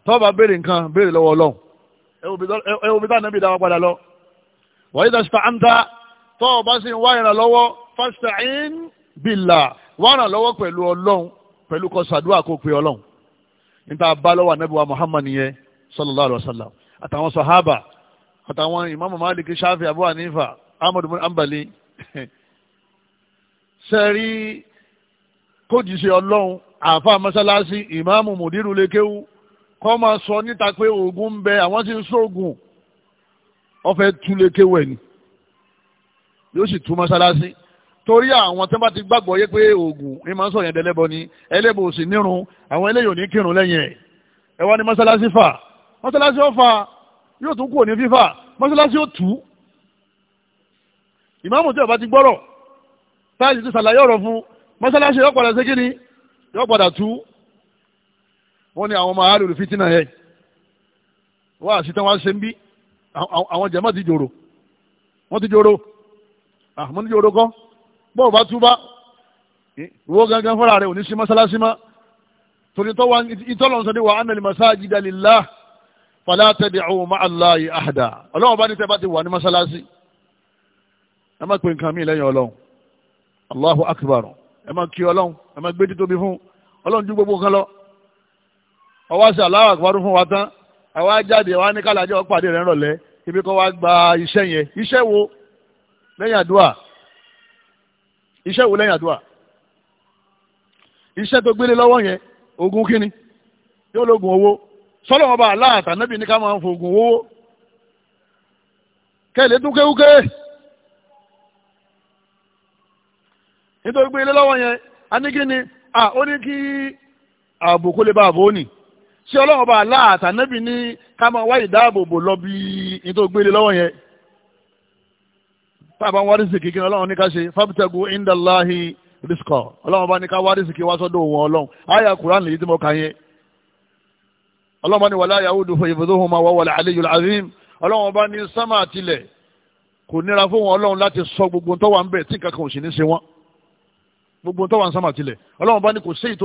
tọ́ba béèrè nǹkan béèrè lọ́wọ́ ọlọ́run ẹ bí tá anabi dáwọ́ padà lọ wàyí dàsítà àǹtà tọ́ọ̀bá sì ń wá ìrànlọ́wọ́ fasta'in billah wá ràn lọ́wọ́ pẹ̀lú ọlọ́run pẹ̀lú kó ṣàdúrà kó pe ọlọ́run níta bá lọ́wọ́ ànábì wa Muhammad yẹn sallallahu alaihi wasallam àtàwọn sahaba àtàwọn imaamu Malik Shafi Abu Hanifa Ahmad bin Ambali sẹ́rí kójìṣẹ́ ọlọ́run àfa mọ́sálásí ìmáàmù mùdírù lékéwú kọ́ máa sọ níta pé oògùn ń bẹ àwọn tí ń sóògùn ọ̀fẹ́ tú lékéwú ẹ̀ ni yóò sì tú mọ́sálásí torí àwọn tí wọ́n bá ti gbàgbọ́ yé pé oògùn ni màá sọ̀rọ̀ yẹn dẹ́lẹ́bọ ni ẹlẹ́bọ ò sì nírun àwọn eléyìí ò ní kírun lẹ́yìn ẹ̀ ẹ wá ní mọ́sálásí fà mọ́sálásí ó fà yóò tún kú òní fífà mọ́sálásí ó tù ú ìmáàmù tí ó bá ti gbọ́rọ̀ táyì ti sàlàyé ọ̀rọ̀ fún mọ́sálásí yóò padà ṣe kíni yóò padà tù ú wọ́n ní àwọn ọmọ àárò fìtínà yẹn wọ́n àti tí wọ́n ṣe ń bí àwọn jẹ̀mọ́ ti jòrò wọ́n ti jòrò àmọ́ ah, ti jòrò kọ́ bọ́ọ̀ bá túbá ìwọ gangan fúnra rẹ̀ òní sí mọ́sálásí má torí tọ́wọ́ ìtọ́lọ̀ ń sọ ní wa anna al-masajida lillah fala tad'u ma'a Allahi ahada ọlọ́wọ́ bá ní tẹ́ bá ti wà ní mọ́sálásí ẹ má pe nǹkan mi lẹ́yìn ọlọ́run Allahu akbar ẹ má kí ọlọ́run ẹ má gbé títóbi fún ọlọ́run ju gbogbo nǹkan lọ ọwọ́ sí Allahu akbar fún wa tán àwa jáde wa ní kálá iṣẹ́ wo lẹ́yìn àdúrà iṣẹ́ tó gbélé lọ́wọ́ yẹn ogun kíni yóò lóògùn owó sọ́lọ́ wọn bá aláàtà níbi ní ká máa ń fògùn owó kẹ́lẹ́ tún kéwúké nítorí gbélé lọ́wọ́ yẹn a ní kíni à ó ní kí ààbò kó lè bá ààbò ó nì ṣé ọlọ́wọ́n aláàtà níbi ní ká máa wá ìdáàbòbò lọ bí nítorí gbélé lọ́wọ́ yẹn táàbà ń wárí sìkì kí ọlọ́run ní ká ṣe fábítẹ́gù indalahi riskọ ọlọ́run bá ní ká wárí sìkì wá sọ́dọ̀ òun ọlọ́run àyà kuran lèyí tí mo kà yẹn ọlọ́run bá ní wàlá yahudu fún ibùdóhùn máa wọ wàlá aliyu azim ọlọ́run bá ní sámà tilẹ̀ kò nira fún wọn ọlọ́run láti sọ gbogbo tó wà ń bẹ̀ tí kankan ò sì ní ṣe wọn gbogbo tó wà ń sámà tilẹ̀ ọlọ́run bá ní kò séyìí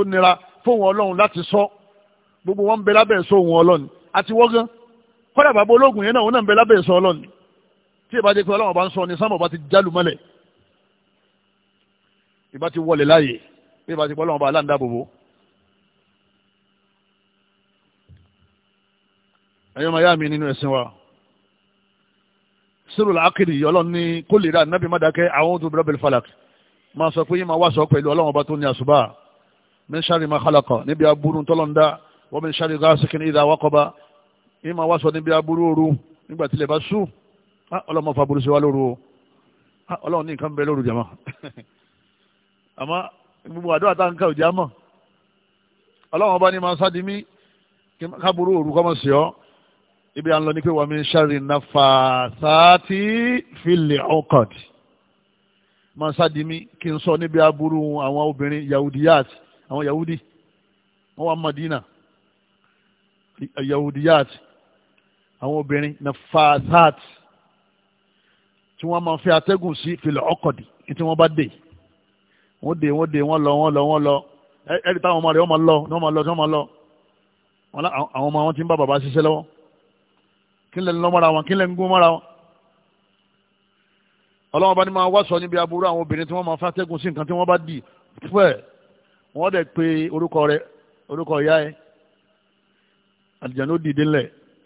tó tí ìbá jẹ́ pé ọlọ́run bá ń sọ ni sámọ̀ bá ti jálù mọ́lẹ̀ ìbá ti wọlé láàyè bí ìbá ti pọ́ ọlọ́run bá aláǹdá bòbò. ẹ̀yọ́ máa yá mi nínú ẹ̀sìn wa sírù làákìrì ọlọ́run ní kó lè ra nábì má dákẹ́ àwọn tó bẹ̀rẹ̀ bẹ̀rẹ̀ falak máa sọ pé yín máa wá sọ pẹ̀lú ọlọ́run ọba tó ní àṣùbà min sharri ma khalaqa níbi aburú tọ́lọ́ndá wọ́n min sharri ghasikin idha waqaba yín máa wá sọ níbi aburú òru nígbà tilẹ̀ bá sùn Ah, ọlọ́mọ fàbùrù sí wa lóru o ah, ọlọ́run ní nǹkan bẹ lóru jàmọ́ <laughs> àmọ́ gbogbo àdúrà tá à ń ká òjá mọ̀ ọlọ́run ọba ní máa sáà di mí kábúrú òru kọ́ mọ̀ sí ọ́ ibi à ń lọ ní pé wà mí sáré nafa sáàtì fìlẹ̀ ọkọ̀d máa sáà di mí kí n sọ níbi aburú àwọn obìnrin yahudiyat àwọn yahudi wọ́n wà Madina yahudiyat àwọn obìnrin nafa sáàtì tí wọ́n máa fi atẹ́gùn sí filẹ̀ ọkọ̀dì tí wọ́n bá dé wọ́n dé wọ́n dé wọ́n lọ wọ́n lọ wọ́n lọ ẹ̀rí táwọn ọmọ rẹ̀ wọ́n máa lọ wọ́n máa lọ wọ́n máa lọ àwọn ọmọ wọn ti ń bá bàbá ṣiṣẹ́ lọ́wọ́ kí lẹ́nu lọ́ mọ́ra wọn kí lẹ́nu gún mọ́ra wọn. ọlọ́wọ́n bá ní máa wáṣọ níbi aburú àwọn obìnrin tí wọ́n máa fàtẹ́gùn sí nǹkan tí wọ́n bá dì fún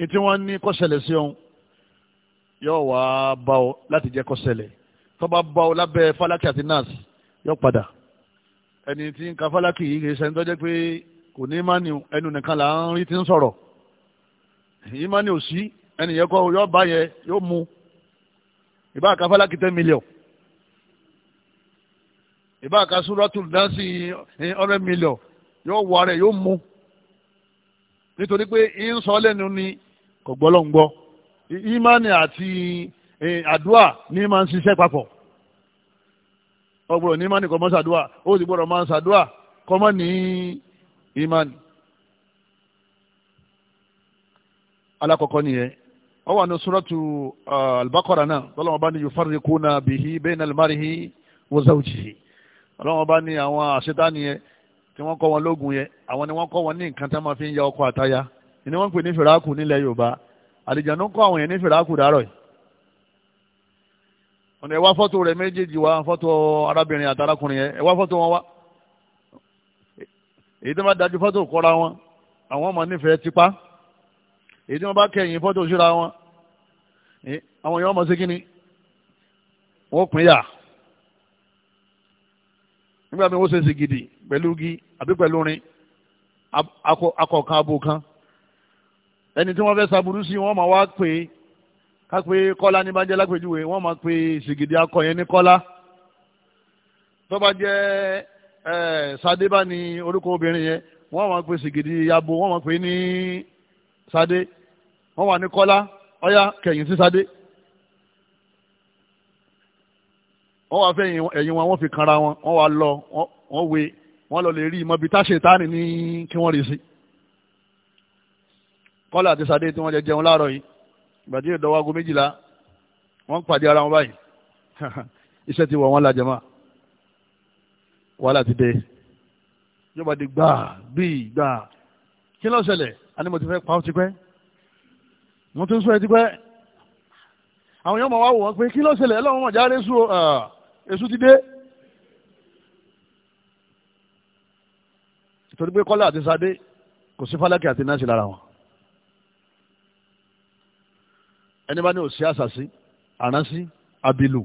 ẹ̀ wọ́n yóò wá bá ọ láti jẹ́ sẹlẹ ṣẹlẹ̀ tó bá bá ọ lábẹ́ fálákì àti nọ́ọ̀sì yóò padà ẹni tí ń ka fálákì yìí kì í ṣẹni pé kò ní ìmánì ẹnu nìkan là ń rí ti ń sọ̀rọ̀ ìmánì ò sí ẹni yẹn kọ́ yóò bá yẹ yóò mu ìbá ka fálákì ten million ìbá ka million yóò wọ yóò mu nítorí pé ń sọ lẹ́nu ni kò gbọ́ lọ́n gbọ́. ìmánì àti àdúà ní máa ń ṣiṣẹ́ papọ̀ ọgbọ̀rọ̀ ní ìmánì kọ́ máa ń ṣàdúà ó sì gbọ́dọ̀ máa ń ṣàdúà kọ́ máa ní ìmánì. alákọ̀ọ́kọ́ nìyẹn ó wà ní suratu uh, al-Baqara náà tọ́lọ́mọba ní yufarriquna bihi bayna al-mar'i wa zawjihi ọlọ́wọ́n bá ní àwọn àṣetáni yẹn tí wọ́n kọ́ wọn lógun yẹn àwọn ni wọ́n kọ́ wọn ní nǹkan tí wọ́n fi ń ya ọkọ àtaya ni wọ́n pè ní fìràkù nílẹ̀ Yorùbá àlìjànú kọ́ àwọn yẹn ní fìràkù dárọ̀ yìí ọ̀nà ẹ̀wá fọ́tò rẹ̀ méjèèjì wá fọ́tò arábìnrin àtàrákùnrin yẹn ẹ̀wá fọ́tò wọn wá èyí tó bá dájú fọ́tò kọ́ra wọn àwọn ọmọ nífẹ̀ẹ́ tipa èyí tí bá kẹ̀yìn fọ́tò síra wọn àwọn yẹn ọmọ sí kínní wọ́n pín yà nígbà mi wọ́n ṣe sí gidi pẹ̀lú gi àbí pẹ̀lú rin akọ̀kan abo kan ẹni tí wọ́n fẹ́ saburú sí wọ́n máa wá pé ká pé kọ́lá ní bàjẹ́ lápèjúwe wọ́n máa pé ṣègìdì akọ yẹn ní kọ́lá tó bá jẹ́ sadé bá ní orúkọ obìnrin yẹn wọ́n máa pè ṣègìdì abo wọ́n máa pè ní sadé wọ́n wà ní kọ́lá ọ̀yá kẹ̀yìn sí sadé wọ́n wá fẹ́ ẹ̀yìn wọn wọ́n fi kanra wọn wọ́n wá lọ wọ́n wé wọ́n lọ lè rí ìmọ̀ bíi táṣetánì ní kí wọ́n rí sí i kọ́lá àti sadé tí wọ́n jẹ jẹun láàárọ̀ yìí ìgbà tí méjìlá wọ́n ń pàdé ara wọn báyìí <laughs> iṣẹ́ ti wọ̀ wọ́n la jẹ́mọ́ wàhálà ti dé yọba di gbà bíi gbà kí ló ṣẹlẹ̀ àní mo ti fẹ́ pa ọ́ tipẹ́ mo ti ń sọ ẹ tipẹ́ àwọn yọmọ wa wò wọn pé kí ló ṣẹlẹ̀ ẹlọ́wọ́n mọ̀ járe sùn èṣù ti dé. torí pé kọ́lá àti sadé kò sí fálákì àti náà sí lára wọn. ẹni bá ní òsì àṣàṣì àránsí abilu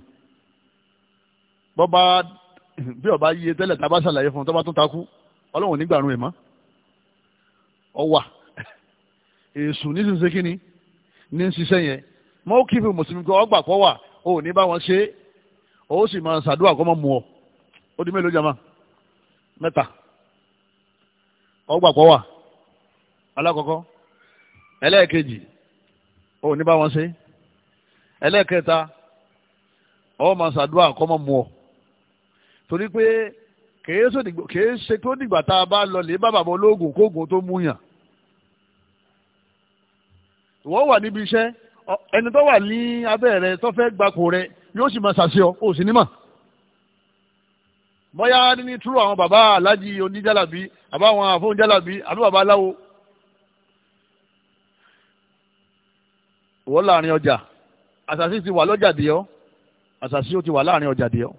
bọ́ba bí ọba yíye tẹ́lẹ̀ tá a bá ṣàlàyé fún un tó bá tún takú ọlọ́run nígbàrún ẹ̀ mọ́ ọwà èṣù nísinsìnyí kí ni ní ń ṣiṣẹ́ yẹn mọ́ kí fi mùsùlùmí kọ́ ọgbà kọ́ wà ó ní bá wọn ṣe ó sì máa ṣàdúrà kọ́ mọ́ mu ọ ó di mélòó jama mẹ́ta ọgbà kọ́ wà alákọ̀ọ́kọ́ ẹlẹ́ẹ̀kejì ò ní bá wọn ṣe ẹlẹ́ẹ̀kẹta ọ máa ṣàdúrà kọ́mọ mu ọ torí pé kèé ṣe tó dìgbà tá a bá lọ lè bá bàbá ológun kóògùn tó mú yàn wọ́n wà níbi iṣẹ́ ẹni tó wà ní abẹ́ rẹ tó fẹ́ gbapò rẹ yóò sì máa ṣàṣeyọ ó sì ní mà bóyá ní túrú àwọn bàbá aláàjì oníjàlábí àbáwọn àfóúnjàlábí àbí bàbá aláwo wọ́n láàrin ọjà àṣàṣì ti wà lọ́jà dì ọ́ àṣàṣì ó ti wà láàrin ọjà dì ọ́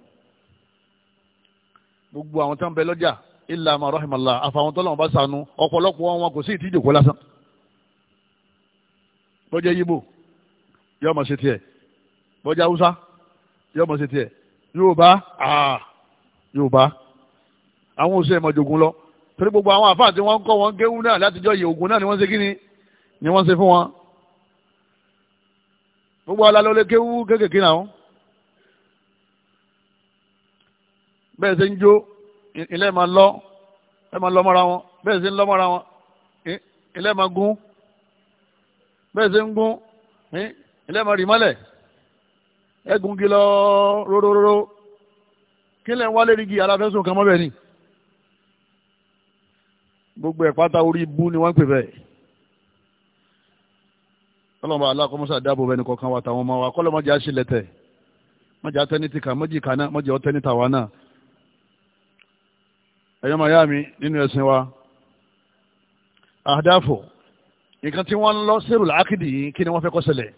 gbogbo àwọn tó ń bẹ lọ́jà illa ma rahimallah àfàwọn tó lọ́wọ́ bá sànú ọ̀pọ̀lọpọ̀ wọn kò sí ìtìjòkó lásán bọ́jà yíbò yóò mọ̀ ṣe tiẹ̀ bọ́jà haúsá yóò mọ̀ ṣe tiẹ̀ yorùbá yorùbá àwọn oṣù ẹ̀mọ̀ jogun lọ torí gbogbo àwọn àfáà tí wọ́n kọ́ wọn géwú náà látijọ́ yìí ògùn náà ni wọ́n ṣe kí ni ni wọ́n ṣe fún wọn gbogbo ọ̀la ló lè kéwú kéékèèké náà bẹ́ẹ̀ ṣe ń jó ilé máa lọ ẹ máa lọ mọ́ra wọn bẹ́ẹ̀ ṣe ń lọ mọ́ra wọn ilé máa gún bẹ́ẹ̀ ṣe ń gún ilé máa rì mọ́lẹ̀ ẹ gún kí lọ róróróró kí lẹ́ ń wálé rígi aláfẹ́sùn kan mọ́bẹ̀ ni gbogbo ẹ̀ pátá orí ibú ni wọ́n ń pè bẹ́ẹ̀ kọlọmọ alákọmọsá dáàbò bẹni kọkan wa tàwọn ọmọ wa kọlọmọ jẹ àṣìlẹtẹ mọjà tẹni ti kà mọjì kaná mọjì ọtẹni tàwa náà ẹyọ màá yá mi nínú ẹsìn wa àdáfò nǹkan tí wọn ń lọ sẹrù làákìdì yìí kí ni wọn fẹ́ kó ṣẹlẹ̀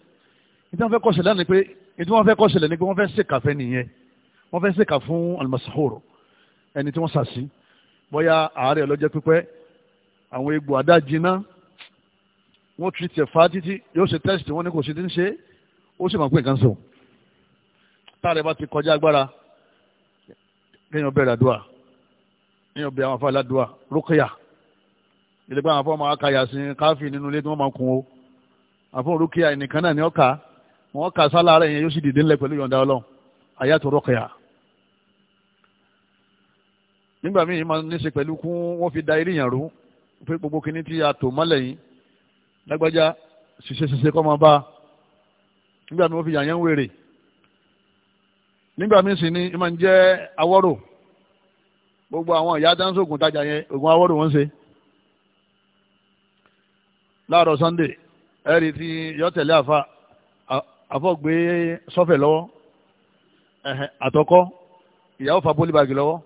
ìdí wọn fẹ́ kó ṣẹlẹ̀ ni pé ìdí wọn fẹ́ kó ṣẹlẹ̀ ni pé wọn fẹ́ ṣèkà fẹ nìyẹn wọn fẹ́ ṣèkà fún almasahoro ẹni tí wọn sàṣì bóyá àárẹ̀ ọlọ́jọ́ pípẹ́ àwọn egbò àdá jiná wọ́n tiri tiẹ̀ fa títí yóò ṣe tẹ́sítì wọ́n ní kò sí ti ń ṣe ó sì máa pé nǹkan sùn táàrẹ̀ bá ti kọjá agbára kéèyàn bẹ̀rẹ̀ àdúrà kéèyàn bẹ̀rẹ̀ àwọn afọ aládùúà rókèyà ìlẹ́gbẹ́ àwọn afọ máa kàyà sí káfí nínú ilé tí wọ́n máa kun o àfọ rókèyà nìkan náà ni ọ̀ka wọ́n kà sálà rẹ̀ yẹn yóò sì dìde ńlẹ̀ pẹ̀lú yọ̀ǹda ọlọ́run nígbà míì máa ní í ṣe pẹ̀lú kún wọ́n fi da eré yàn rú pé gbogbo kinní tí a tò mọ́lẹ̀ yìí lágbájá ṣiṣẹ́ ṣiṣẹ́ kọ́ máa bá nígbà mi wọ́n fi yàyàn wèrè nígbà mi sì ni ìmọ̀ ń jẹ́ awọ́rò gbogbo àwọn ìyá dáńsó ògùn tajà yẹn ògùn awọ́rò wọ́n ṣe láàárọ̀ sunday ẹ̀rì tí yọ tẹ̀lé àfa àfọ̀gbé sọ́fẹ̀ lọ́wọ́ àtọkọ ìyàwó fa bólú bàgì lọ́wọ́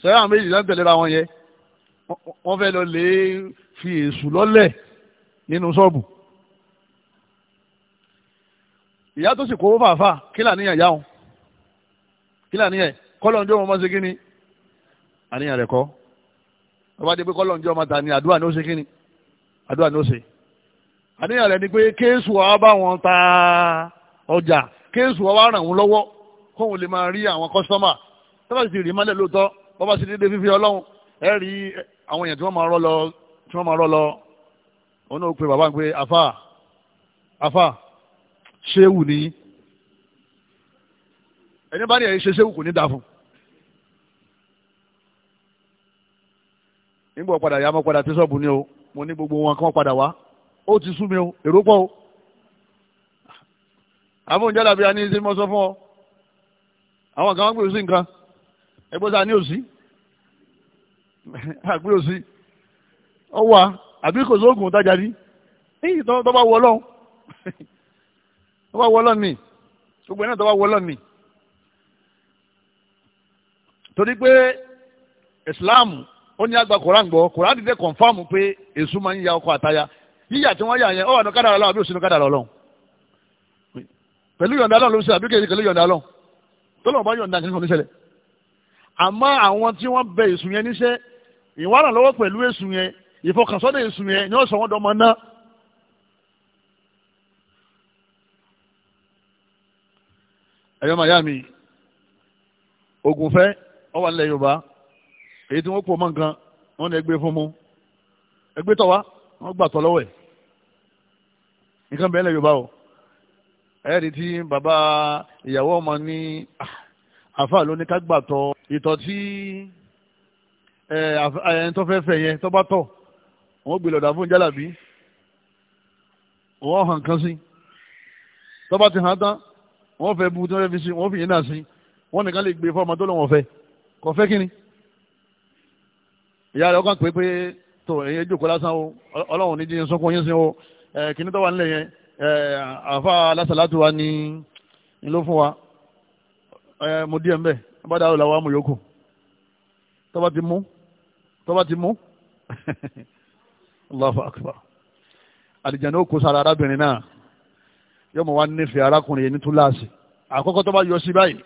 sọ́yà méjì náà tẹ̀lé ra wọn yẹ wọ́n fẹ́ lọ lè fi èṣù lọ́lẹ̀ nínú ṣọ́ọ̀bù ìyá tó sì kó fàáfà kí làníyàn yá wọn kí làníyàn kọ́lọ̀ ǹjọ́ wọn mọ́ sí kíni àníyàn rẹ̀ kọ́ wọ́n bá dé pé kọ́lọ̀ ǹjọ́ wọn ta ni àdúrà ní ó ṣe kíni àdúrà ní ó ṣe àníyàn rẹ̀ ni pé kéésù wa bá wọn ta ọjà kéésù wa wá ràn wọn lọ́wọ́ kóun lè máa rí àwọn kọ́sítọ́mà tọ́ba sì rí mọ́lẹ̀ lóòótọ́ bọ́ba sì dédé fífi ọlọ́run ẹ rí àwọn èèyàn tí wọ́n máa rọ́ lọ òun náà pe bàbá ń pe afa afa ṣéwù ni ẹni bá ní ẹ̀yìn ṣe ṣéwù kò ní dáa fún nígbà ọ̀padà yà mọ́ padà tí sọ́ọ̀bù ni o mo ní gbogbo wọn kán padà wá ó ti sú mi o èrò pọ̀ o àfọ̀n jẹ́ làbí aní sí mo fún ọ àwọn kan wọ́n gbé òsì nǹkan ẹgbẹ́ sá ní òsì <laughs> àgbé òsì ọ wà àbí kò sóògùn tájà rí èyí tó bá wọ ọlọ́run <laughs> tó mi gbogbo ẹ̀ náà tó bá wọ mi torí pé Islam ó ní àgbà koran gbọ́ koran ti dé kọ̀nfàmù pé èṣù máa ń ya ọkọ àtaya yíyà tí wọ́n yà yẹn ọ̀nà kádàrà ọlọ́run àbí òṣìṣẹ́ kádàrà ọlọ́run pẹ̀lú yọ̀ǹda ọlọ́run ló ń ṣe àbí kèké pẹ̀lú yọ̀ǹda ọlọ́run tó lọ́wọ́ bá yọ̀ǹda kìí kò ní ṣẹlẹ̀ àmọ́ àwọn tí wọ́n bẹ èṣù yẹn níṣẹ́ ìwárà pẹ̀lú èṣù yẹn ìfọkànsọ́dọ̀ èsù yẹn ni wọ́n sọ wọ́n dọ́mọ náà. ẹ̀yọ́ mayami ogunfẹ́ ọwà nílẹ̀ yorùbá èyí tí wọ́n pò mọ́ nǹkan wọ́n ní ẹgbẹ́ fún mu ẹgbẹ́ tọ́wa wọ́n gbà tọ́ lọ́wọ́ ẹ̀ nǹkan bẹ́ẹ̀ nílẹ̀ yorùbá o ẹ̀rí tí bàbá ìyàwó ọmọ ní ah, àfáà ló ní ká gbà tọ́ ìtọ̀ tí ẹ̀ẹ́n tó fẹ́ fẹ́ yẹn tó bá tọ̀ wọ́n gbé lọ́dà fún jálàbí wọ́n hàn kan sí tọ́ba ti hàn tán wọ́n fẹ́ bu tí wọ́n fi sí wọ́n fi yín náà sí wọ́n nìkan lè gbé fọ́ọ̀mù tó lọ́wọ́ fẹ́ kọ́ fẹ́ kínni ìyá rẹ̀ ọkàn pé pé tó ẹ̀yẹ jòkó lásán o ọlọ́run ní jíjìn sọ́kún yín sí o kìnní tó wà nílẹ̀ yẹn àfa alásàlátù wa ní ló fún wa mo díẹ̀ mbẹ́ bá dáhùn làwọn amòyókù tọ́ba ti mú tọ́ba ti mú <laughs> Allahu akbar àlìjànnú kò sára arábìnrin náà yóò mọ̀ wá nífẹ̀ẹ́ arákùnrin yẹn ní túláàsì àkọ́kọ́ tó bá yọ sí báyìí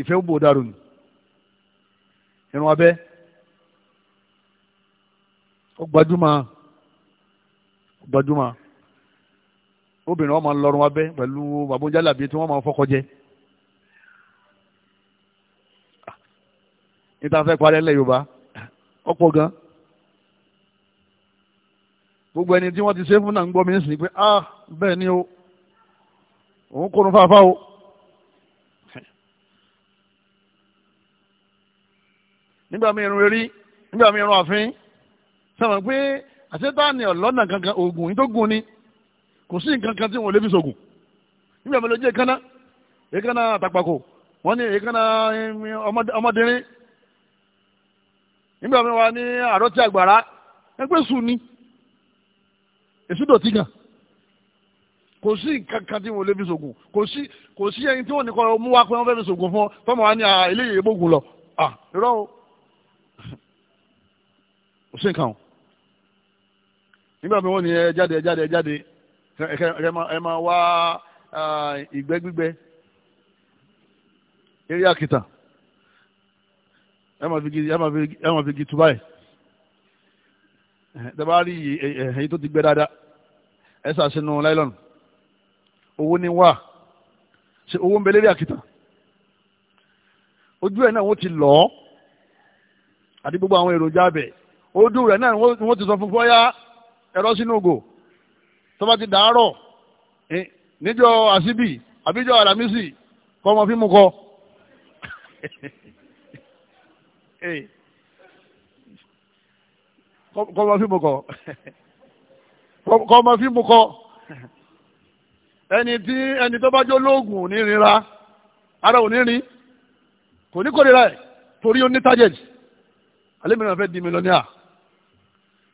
ìfẹ́ ń bò dàrú ni irun abẹ́ ó gbajúmọ̀ ó gbajúmọ̀ obìnrin wọn máa ń lọrun abẹ́ pẹ̀lú babójálàbí tí wọ́n máa ń fọ́kọ jẹ́ ah. níta fẹ́ parẹ́ lẹ́ yorùbá ọ̀pọ̀ gan gbogbo ẹni tí wọ́n ti ṣe fún náà ń gbọ́ mi ń sìn pé ah bẹ́ẹ̀ ni o òun fáfá o. nígbà mi irun rí nígbà mi irun àfin sọ̀rọ̀ pé àṣetáàní ọ̀lọ́nà kankan oògùn yìí tó gùn ni kò sí nǹkan kan tí lè fi sògùn nígbà mi ló jẹ́ èkánná àtàpàkò wọ́n ní èkánná N'ebe nígbà mi wà ní àròtí àgbàrá ẹgbẹ́ sùn ni. èsù dọ̀tí gan kò sí nǹkan kan tí wọn ò lè fi sògùn kò sí kò sí ẹni tí wọn ní kọ́ mú wá pé wọn fẹ́ fi sògùn fún ọ tọ́mọ wa ní eléyìí ebógun lọ ah irọ́ o kò sí nǹkan o nígbà mi wọ́n ní ẹ jáde ẹ jáde ẹ jáde ẹ máa wá ìgbẹ́ gbígbẹ eré àkìtà ẹ máa fi gi ẹ máa fi gi tuba yìí tẹ́bá rí èyí tó ti gbẹ dáadáa ẹ sàṣinú láìlọ́nù owó ní wà ṣe owó ń bẹ lérí àkìtà ojú ẹ̀ náà wọ́n ti lọ̀ ọ́ àti gbogbo àwọn èròjà abẹ ojú rẹ̀ náà wọ́n ti sọ fún fọ́yà ẹ̀rọ sínú ògò tó bá ti dàárọ̀ níjọ àṣìbì àbíjọ àlàmísì kọ́ ọmọ fíìmù kọ́. <laughs> kọ́ ọmọ fíìmù kọ́ kọ́ ọmọ fíìmù kọ́ ẹni tí ẹni tó bá jó lóògùn ò ní rinra ara ò ní rin kò ní kórira ẹ̀ torí ó ní target alẹ́mìíràn fẹ́ di mílíọ̀nìà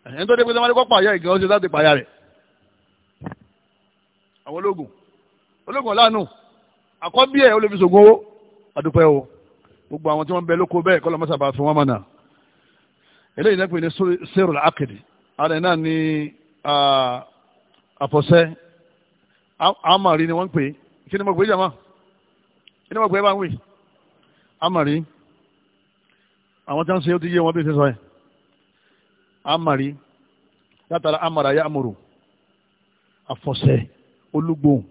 ẹ̀yìn tó dé pé sọ́mọ́lé kọ́ pààyà ìgbà ọ̀sẹ̀ láti pààyà rẹ̀ àwọn ológun ológun ọ̀làánú àkọ́bí ẹ̀ ó owó àdúpẹ́ o gbogbo àwọn tí wọ́n ń bẹ lóko bẹ́ẹ̀ kọ́ lọ́mọ́sàbà fún wọn mọ̀nà eléyìí lẹ́pẹ̀ ní sẹ́rù àkìdì ààrẹ náà ní àfọ̀sẹ́ àmàrí ni wọ́n ń pè é kí ni mo gbé jàmá kí ni mo gbé bá ń wì àmàrí àwọn tí wọ́n ń ṣe ó ti yé wọn bí ṣe sọ ẹ̀ àmàrí látara àmàrà yá àmòrò àfọ̀sẹ́ olúgbòhùn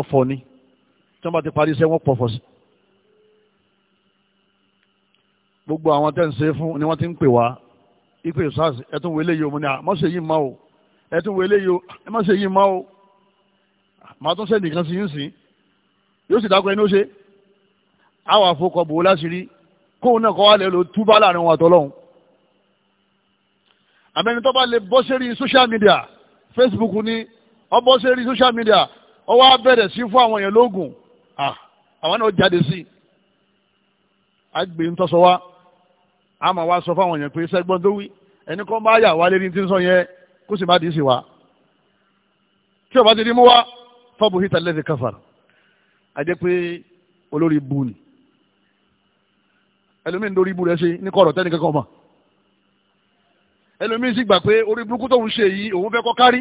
ọ̀fọ̀ ni tí wọ́n bá ti parí iṣẹ́ wọn pọ̀ fọ̀ gbogbo àwọn tẹ́ ń ṣe fún ni wọ́n ti ń pè wá ipe sars ẹtún wo eléyìí omo ni àmọ́sẹ̀ yìí máa o ẹtún wo eléyìí ẹmọ́sẹ̀ yìí máa o màá tún sẹ́ni nìkan sí yín sí yóò sì dákọ̀ ẹni ó ṣe àwọn àfọkọ̀ bò láṣìírí kóun náà kọ́ wá lè lo túbá láàrin wọn àtọ́lọ́hún àbẹ́ni tó bá lè bọ́ sẹ́rí social media Facebook ni ọ bọ́ sẹ́rí social media ọ wá bẹ̀rẹ̀ sí fún àwọn èèyàn lóògùn àwọn náà jáde sí àgbè ń tọ́sọ wá a máa wá sọ fáwọn èèyàn pé sẹ́gbọ́n tó wí ẹni kan bá yà wálé ní tí ń sọ yẹn kó sì má dì í sí wa tí ọba ti di mú wa fọ́ọ̀bù hítà lẹ́sẹ̀ káfà á jẹ́ pé olórí bu ni ẹlòmíín lórí ibu rẹ̀ ṣe ní kọ̀ọ̀rọ̀ tẹ́ni kankan mọ̀ ẹlòmíín sì gbà pé orí burúkú tóun ṣe yìí òun fẹ́ kọ́ kárí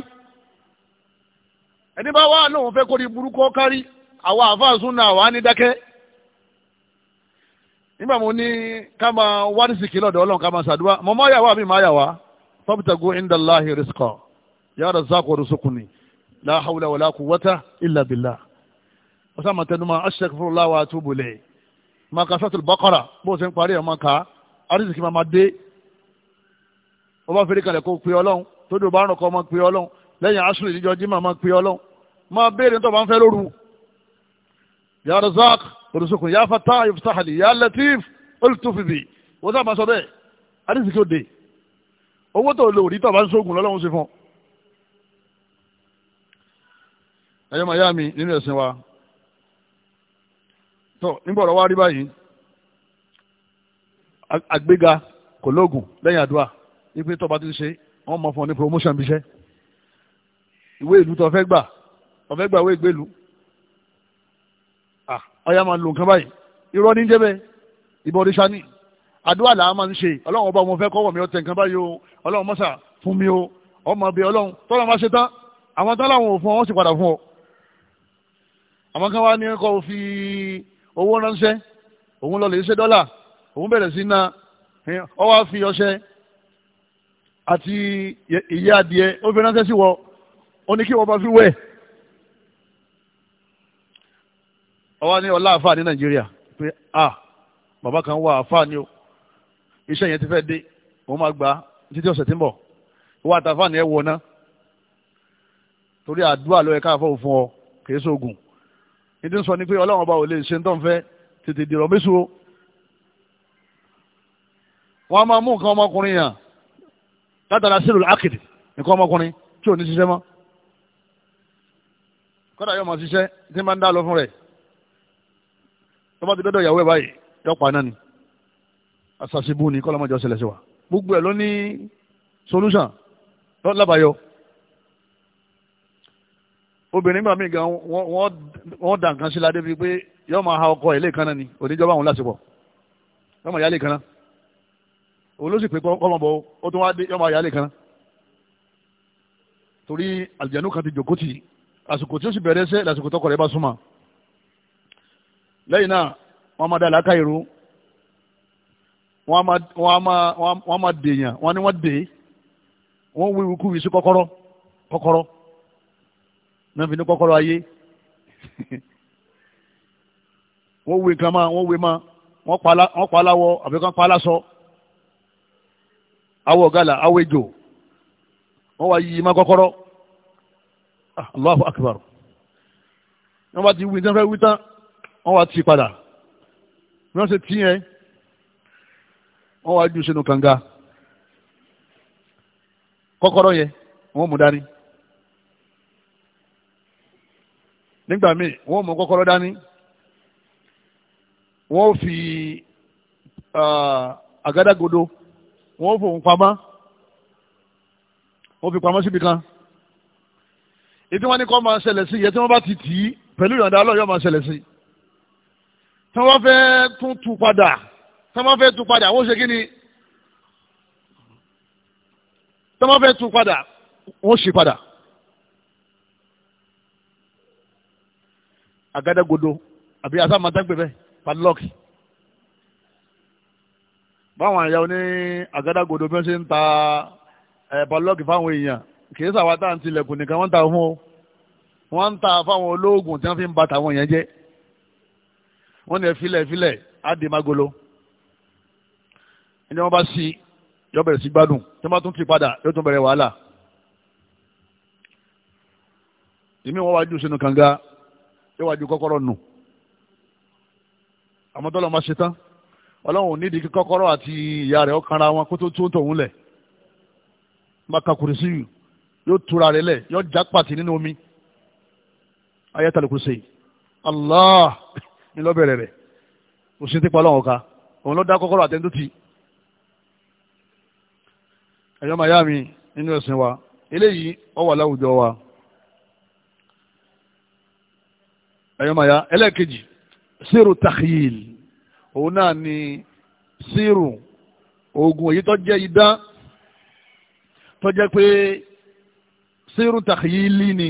ẹni bá wà lóun fẹ́ kórìí burúkú kárí àwa àfáàsùn náà wà ní dákẹ́ nígbà mo ní ká máa wá ní sìkì lọ́dọ̀ ọlọ́run ká máa ṣàdúrà mọ máa yà wá mi máa yà wá fọ́bùtàgó indalahi rizqa ya razaqu rusukuni la hawla wala quwwata illa billah wọ́n sábà tẹnumọ́ astaghfirullah wa bọ́kọ̀rà bó ṣe ń parí ẹ̀ máa ka máa dé wọ́n bá fẹ́rẹ́ kalẹ̀ kó pe ọlọ́run tó dùn bá rùn kọ́ máa pe ọlọ́run lẹ́yìn asúrì ya razaq orísìkún ya fata yuftahali يا لطيف olùtúfìbì wọ́n sábà sọ bẹ́ẹ̀ adísìkí òde owó tó lò rí tọ́ba ń sógun lọ́lọ́run sí fún ọ. ẹ̀yọ́ màá yá mi nínú ẹ̀sìn wa tó nígbà ọ̀rọ̀ wa rí báyìí àgbéga kò lóògùn lẹ́yìn àdúrà ipe tọ́ba ti ṣe wọ́n mọ̀ fún ọ ní promotion bíṣẹ́ ìwé ìlú tó fẹ́ gbà ọ̀fẹ́ gbà wé ìgbélùú ọyá máa lò nǹkan báyìí irọ́ ní jẹ́bẹ̀ ìbọn òrìṣà ni àdúrà làá máa ń ṣe ọlọ́run ọba mo fẹ́ kọ́wọ́ mi ọtẹ nǹkan báyìí o ọlọ́run mọ́sà fún mi o ọmọ bíi ọlọ́run tọ́lọ́ máa ṣe tán àwọn tán láwọn ò fún ọ wọ́n sì padà fún ọ. àwọn kan wá ní kó fi owó ránṣẹ́ òun lọ lè ṣe dọ́là òun bẹ̀rẹ̀ sí ná ọ wá fi ọṣẹ àti ìyá adìẹ ó fi ránṣẹ́ sí wọ ó ní kí wọ́n bá fi wẹ̀ ọwọ́ ní ọlá àfáà ní nàìjíríà pé a bàbá kan wà àfáà ní o iṣẹ́ yẹn ti fẹ́ dé òun máa gba títí ọ̀sẹ̀ tí ń bọ̀ ìwọ àtàfáà ní ẹ wọ̀ náà torí àdúrà ló yẹ káàfọ́ òfin ọ kìí sóògùn ìdí ń sọ ni pé ọlọ́run ọba ò lè ṣe ń tọ́ fẹ́ tètè dìrọ̀ méṣù o wọ́n máa mú nǹkan ọmọkùnrin yàn látara sílùú ákìdì nǹkan ọmọkùnrin tí ò ní ṣiṣẹ́ mọ́ kọ́dà yóò máa ṣiṣẹ́ tí máa ń dá lọ fún rẹ̀ tó bá ti dọ́dọ̀ ìyàwó ẹ̀ báyìí yọ pa náà ni àṣàṣìbù ni kọ́lọ́mọjọ ṣẹlẹ̀ sí wa gbogbo ẹ̀ ló ní solution lábàáyọ obìnrin gbà mí gan wọ́n dà nǹkan sí ládé bíi pé yọ máa ha ọkọ ẹ̀ lẹ́ẹ̀kan náà ni oníjọba àwọn lásìkò yọ máa yá lẹ́ẹ̀kan náà òun ló sì pé kọ́mọ̀bọ ó tún wá dé yọ máa yá lẹ́ẹ̀kan náà torí àlùjànnú kan ti jòkó tì àsìkò tí ó sì bẹ̀rẹ̀ sẹ́ lásìkò tọkọ rẹ̀ bá súnmọ́ lẹ́yìn náà wọ́n máa dá làákà ìrú wọ́n máa wọ́n máa wọ́n máa dèèyàn wọ́n ní wọ́n dè é wọ́n wí ikú yìí sí kọ́kọ́rọ́ kọ́kọ́rọ́ náà fi ní kọ́kọ́rọ́ ayé <laughs> wọ́n wí nǹkan máa wọ́n wí máa wọ́n pa aláwọ̀ àbí kan pa aláṣọ awọ gàlà awọ ejò wọ́n wá yí má kọ́kọ́rọ́ ah, Allahu akbar wọ́n bá ti wí tán fẹ́ wí tán wọ́n wá ti padà bí wọ́n ṣe tí yẹn wọ́n wá jù sínú kànga kọ́kọ́rọ́ yẹn wọ́n mú dání nígbà míì wọ́n mú kọ́kọ́rọ́ dání wọ́n fi àgádágodo wọ́n fòun pamọ́ wọ́n fi pamọ́ síbi kan ètò wọn ni kọ́ máa ṣẹlẹ̀ sí yẹ tí wọ́n bá ti tì í pẹ̀lú ìyọ̀ǹda ọlọ́yọ̀ máa ṣẹlẹ̀ sí i tí wọ́n fẹ́ tún tu padà tí wọ́n fẹ́ tu padà wọ́n ṣe kí ni tí wọ́n fẹ́ tu padà wọ́n ṣe padà. àgádágodo àbí asámadágbé bẹ́ẹ̀ padlock báwọn àyà oní àgádágodo bí wọ́n ṣe ń ta eh, padlock fáwọn èèyàn kì í sàwọn tá à ń tilẹ̀kùn nìkan wọ́n ń ta fún o wọ́n ń ta fáwọn olóògùn tí wọ́n fi ń ba tàwọn èèyàn jẹ́ wọ́n ní ẹ̀fílẹ̀ adi magolo ẹni wọ́n bá si yọ bẹ̀rẹ̀ sí gbádùn tí wọ́n bá tún ti padà yóò tún bẹ̀rẹ̀ wàhálà èmi wọ́n wájú sínú kànga yóò wájú kọ́kọ́rọ́ nù àmọ́ tọ́lọ́ máa ṣe tán ọlọ́run ò nídìí kọ́kọ́rọ́ àti ìyá rẹ̀ ọkànra wọn kó tó tó tòun lẹ̀ máa kakùrì sí yìí yóò tura rẹ̀ lẹ̀ yóò já pàtì nínú omi ayé tàlùkù sèyí Allah ní lọ́bẹ̀rẹ̀ rẹ̀ òsì ti pa ọlọ́run ká òun ló dá kọ́kọ́rọ́ àtẹ́ńtòtì ẹ̀yọ́ màyá mi nínú ẹ̀sìn wa eléyìí ó wà láwùjọ wa ẹ̀yọ́ màyá ẹlẹ́ẹ̀kejì sírù takhil òun náà ni sírù oògùn èyí tó jẹ́ idán tó jẹ́ pé sírù takhili ni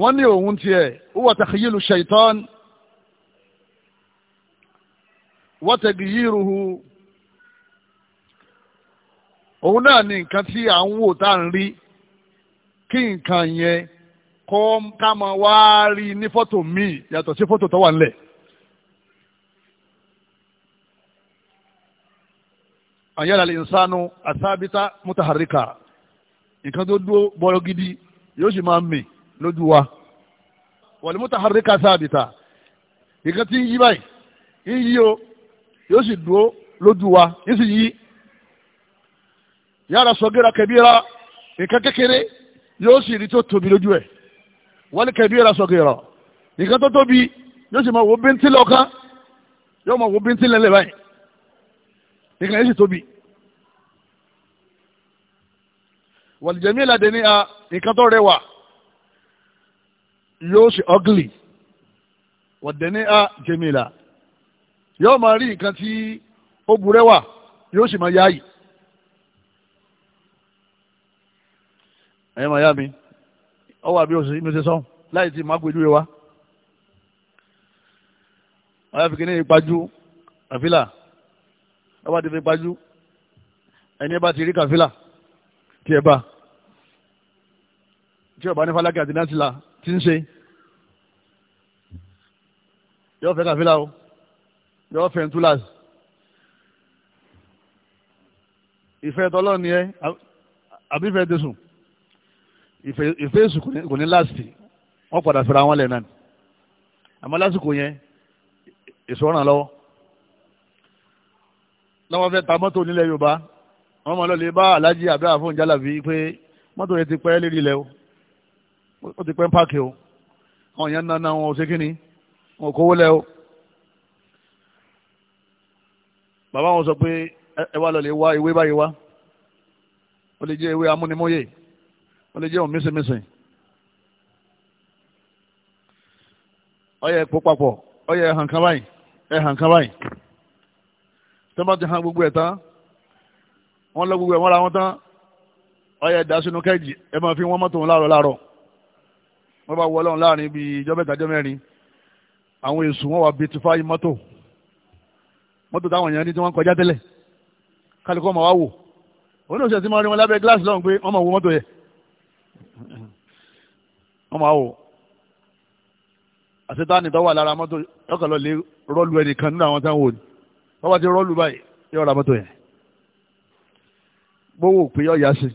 wọ́n ní òun tiẹ̀ ó wà takhil shaitan wọ́tẹ̀gìyìrùhù òun náà ni nǹkan tí à ń wò tá à ń rí kí nǹkan yẹn kọ́ ká máa wá rí ní fọ́tò míì yàtọ̀ sí fọ́tò tó wà nílẹ̀. àyàrá lè nsánu àtàbítà mutaharika nǹkan tó dúró bọ́rọ̀ gidi yóò sì máa mì lójú wa wal mutaharika sábìtà nǹkan tí ń yí báyìí ń yí o yóò sì dúró lójú wa yóò sì yí yàrá sọgẹ́ra kẹbíra nǹkan kékeré yóò sì rí tó tóbi lójú ẹ̀ wọ́n kẹbíra sọgẹ́ra nǹkan tó tóbi yóò sì máa wo bíntín lọ́kàn yóò máa wo bíntín lẹ́lẹ̀ báyìí nǹkan yóò sì tóbi. wàlìjẹ̀mí ìlàdé ní nǹkan tó rẹwà yóò sì ugly wàdẹ̀ ní a jẹ̀mí ìlà yóò máa rí nǹkan tí ó burẹ́wà yóò sì máa yáàyè. ẹ̀yin màyá mi ọ wà bí o ṣe sọ láì tí màá gbèjú rẹ wá. wọ́n yà fi kíní ìpajú àfílà wọ́n bá ti fi ìpajú ẹni bá ti rí kàfílà tí ẹ bá tí ọba ní fálákì àti náà ti ń ṣe yóò fẹ́ kàfílà o yọ fẹ́ túláàsì ìfẹ́ tọ́lọ́ ni ẹ àbí ìfẹ́ tẹ̀sùn ìfẹ́ èsù kò ní láàsì wọ́n padà fẹ́ra wọn lẹ̀ náà ni àmọ́ lásìkò yẹn èso ràn lọ́wọ́ lọ́wọ́ fẹ́ ta mọ́tò nílẹ̀ Yorùbá wọ́n máa lọ lè bá alájí àbí àfọ̀n jálàbí pé mọ́tò yẹn ti pẹ́ lérí ilẹ̀ o ó ti pẹ́ páàkì o àwọn èèyàn nana wọn ò ṣe kí wọn ò kówó lẹ́ o. bàbá wọn sọ pé ẹ wá lọlẹ wá ewé báyìí wá ó lè jẹ ewé amúnimóye ó lè jẹ òun mísìmísìn ọyẹ epo papọ̀ ọyẹ ẹhàn kan báyìí ẹhàn kan báyìí tó bá ti hàn gbogbo ẹ̀ tán wọ́n lọ gbogbo ẹ̀ wọ́n ra wọn tán ọyẹ ẹ̀dá sínú kẹ́ẹ̀jì ẹ máa fi wọ́n mọ́tò wọn láàárọ̀ láàárọ̀ wọ́n bá wọ ọlọ́run láàrin bíi ìjọba ìtàjọ́ mẹ́rin àwọn èso wọn wà bíi tìfáyì mọ́tò mọ́tò táwọn èèyàn ní tí wọ́n kọjá tẹ́lẹ̀ kálukọ́ ọmọ wa wò òun náà ṣètì máa rí wọn lábẹ́ gíláàsì lọ́hùn pé ọmọ wo mọ́tò yẹ ọmọ wa wò àṣetáni tó wà lára mọ́tò yọkànlọ́ lè rọ́ọ̀lù ẹnìkan nínú àwọn táwọn wò ni wọ́n bá ti rọ́ọ̀lù báyìí yọ ra mọ́tò yẹn gbówó pé yọ yá sí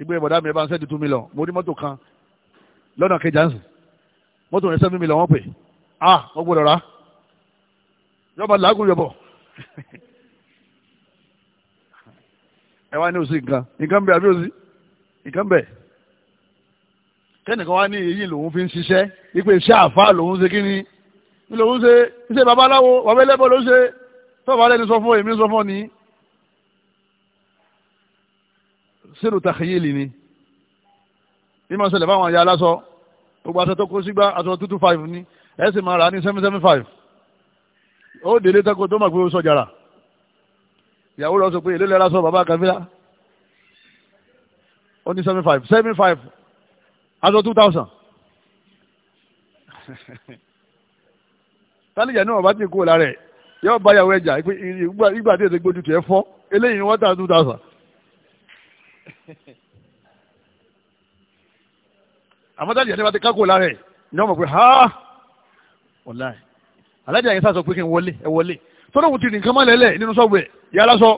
ìgbé bọ̀dá mi bá ń sẹ́ni two million mo ní mọ́tò kan lọ́nà kejì à ń sìn mọ́tò yẹn seven million wọ́n pè ah wọ́n gbọ́dọ̀ rà á yọba làágùn yọbọ ẹ wá ní òsì nǹkan nǹkan bẹ àbí òsì nǹkan bẹ kẹ́nìkan wá ní èyí lòun fi ń ṣiṣẹ́ ipe iṣẹ́ àfa lòun ṣe kí ni lòun ṣe iṣẹ́ babaláwo bàbá ẹlẹ́bọ̀ ló ṣe tọ́ba lẹ́ni sọ fún èmi sọ fún ni sínú tàkìyèlì ni bí máa ṣẹlẹ̀ báwọn aya aláṣọ gbogbo aṣọ tó kó sígbà aṣọ two two five ni ẹ sì máa rà á ní seven seven five ó délé tako tó mọ̀ pé ó sọ̀jàrà ìyàwó lọ sọ pé èlé lẹ́ra sọ bàbá kàfíà ó ní seventy five seventy five aṣọ two thousand <laughs> tálíjà náà bá ti kú ọ̀la rẹ̀ yóò bá yàwó ẹja ìgbà tí ètò gbójú tiẹ̀ fọ́ eléyìí ni wọ́n tà two thousand. <laughs> àmọ́ tálíjà náà bá ti kákò ọ̀la rẹ̀ ni wọ́n pé ha ọ̀la alájà yẹn sá sọ pé kí n wọlé ẹ wọlé tọ́lá òun ti rìn kan mọ́lẹ́lẹ̀ nínú sọ́ọ̀bù ẹ̀ yà á lásọ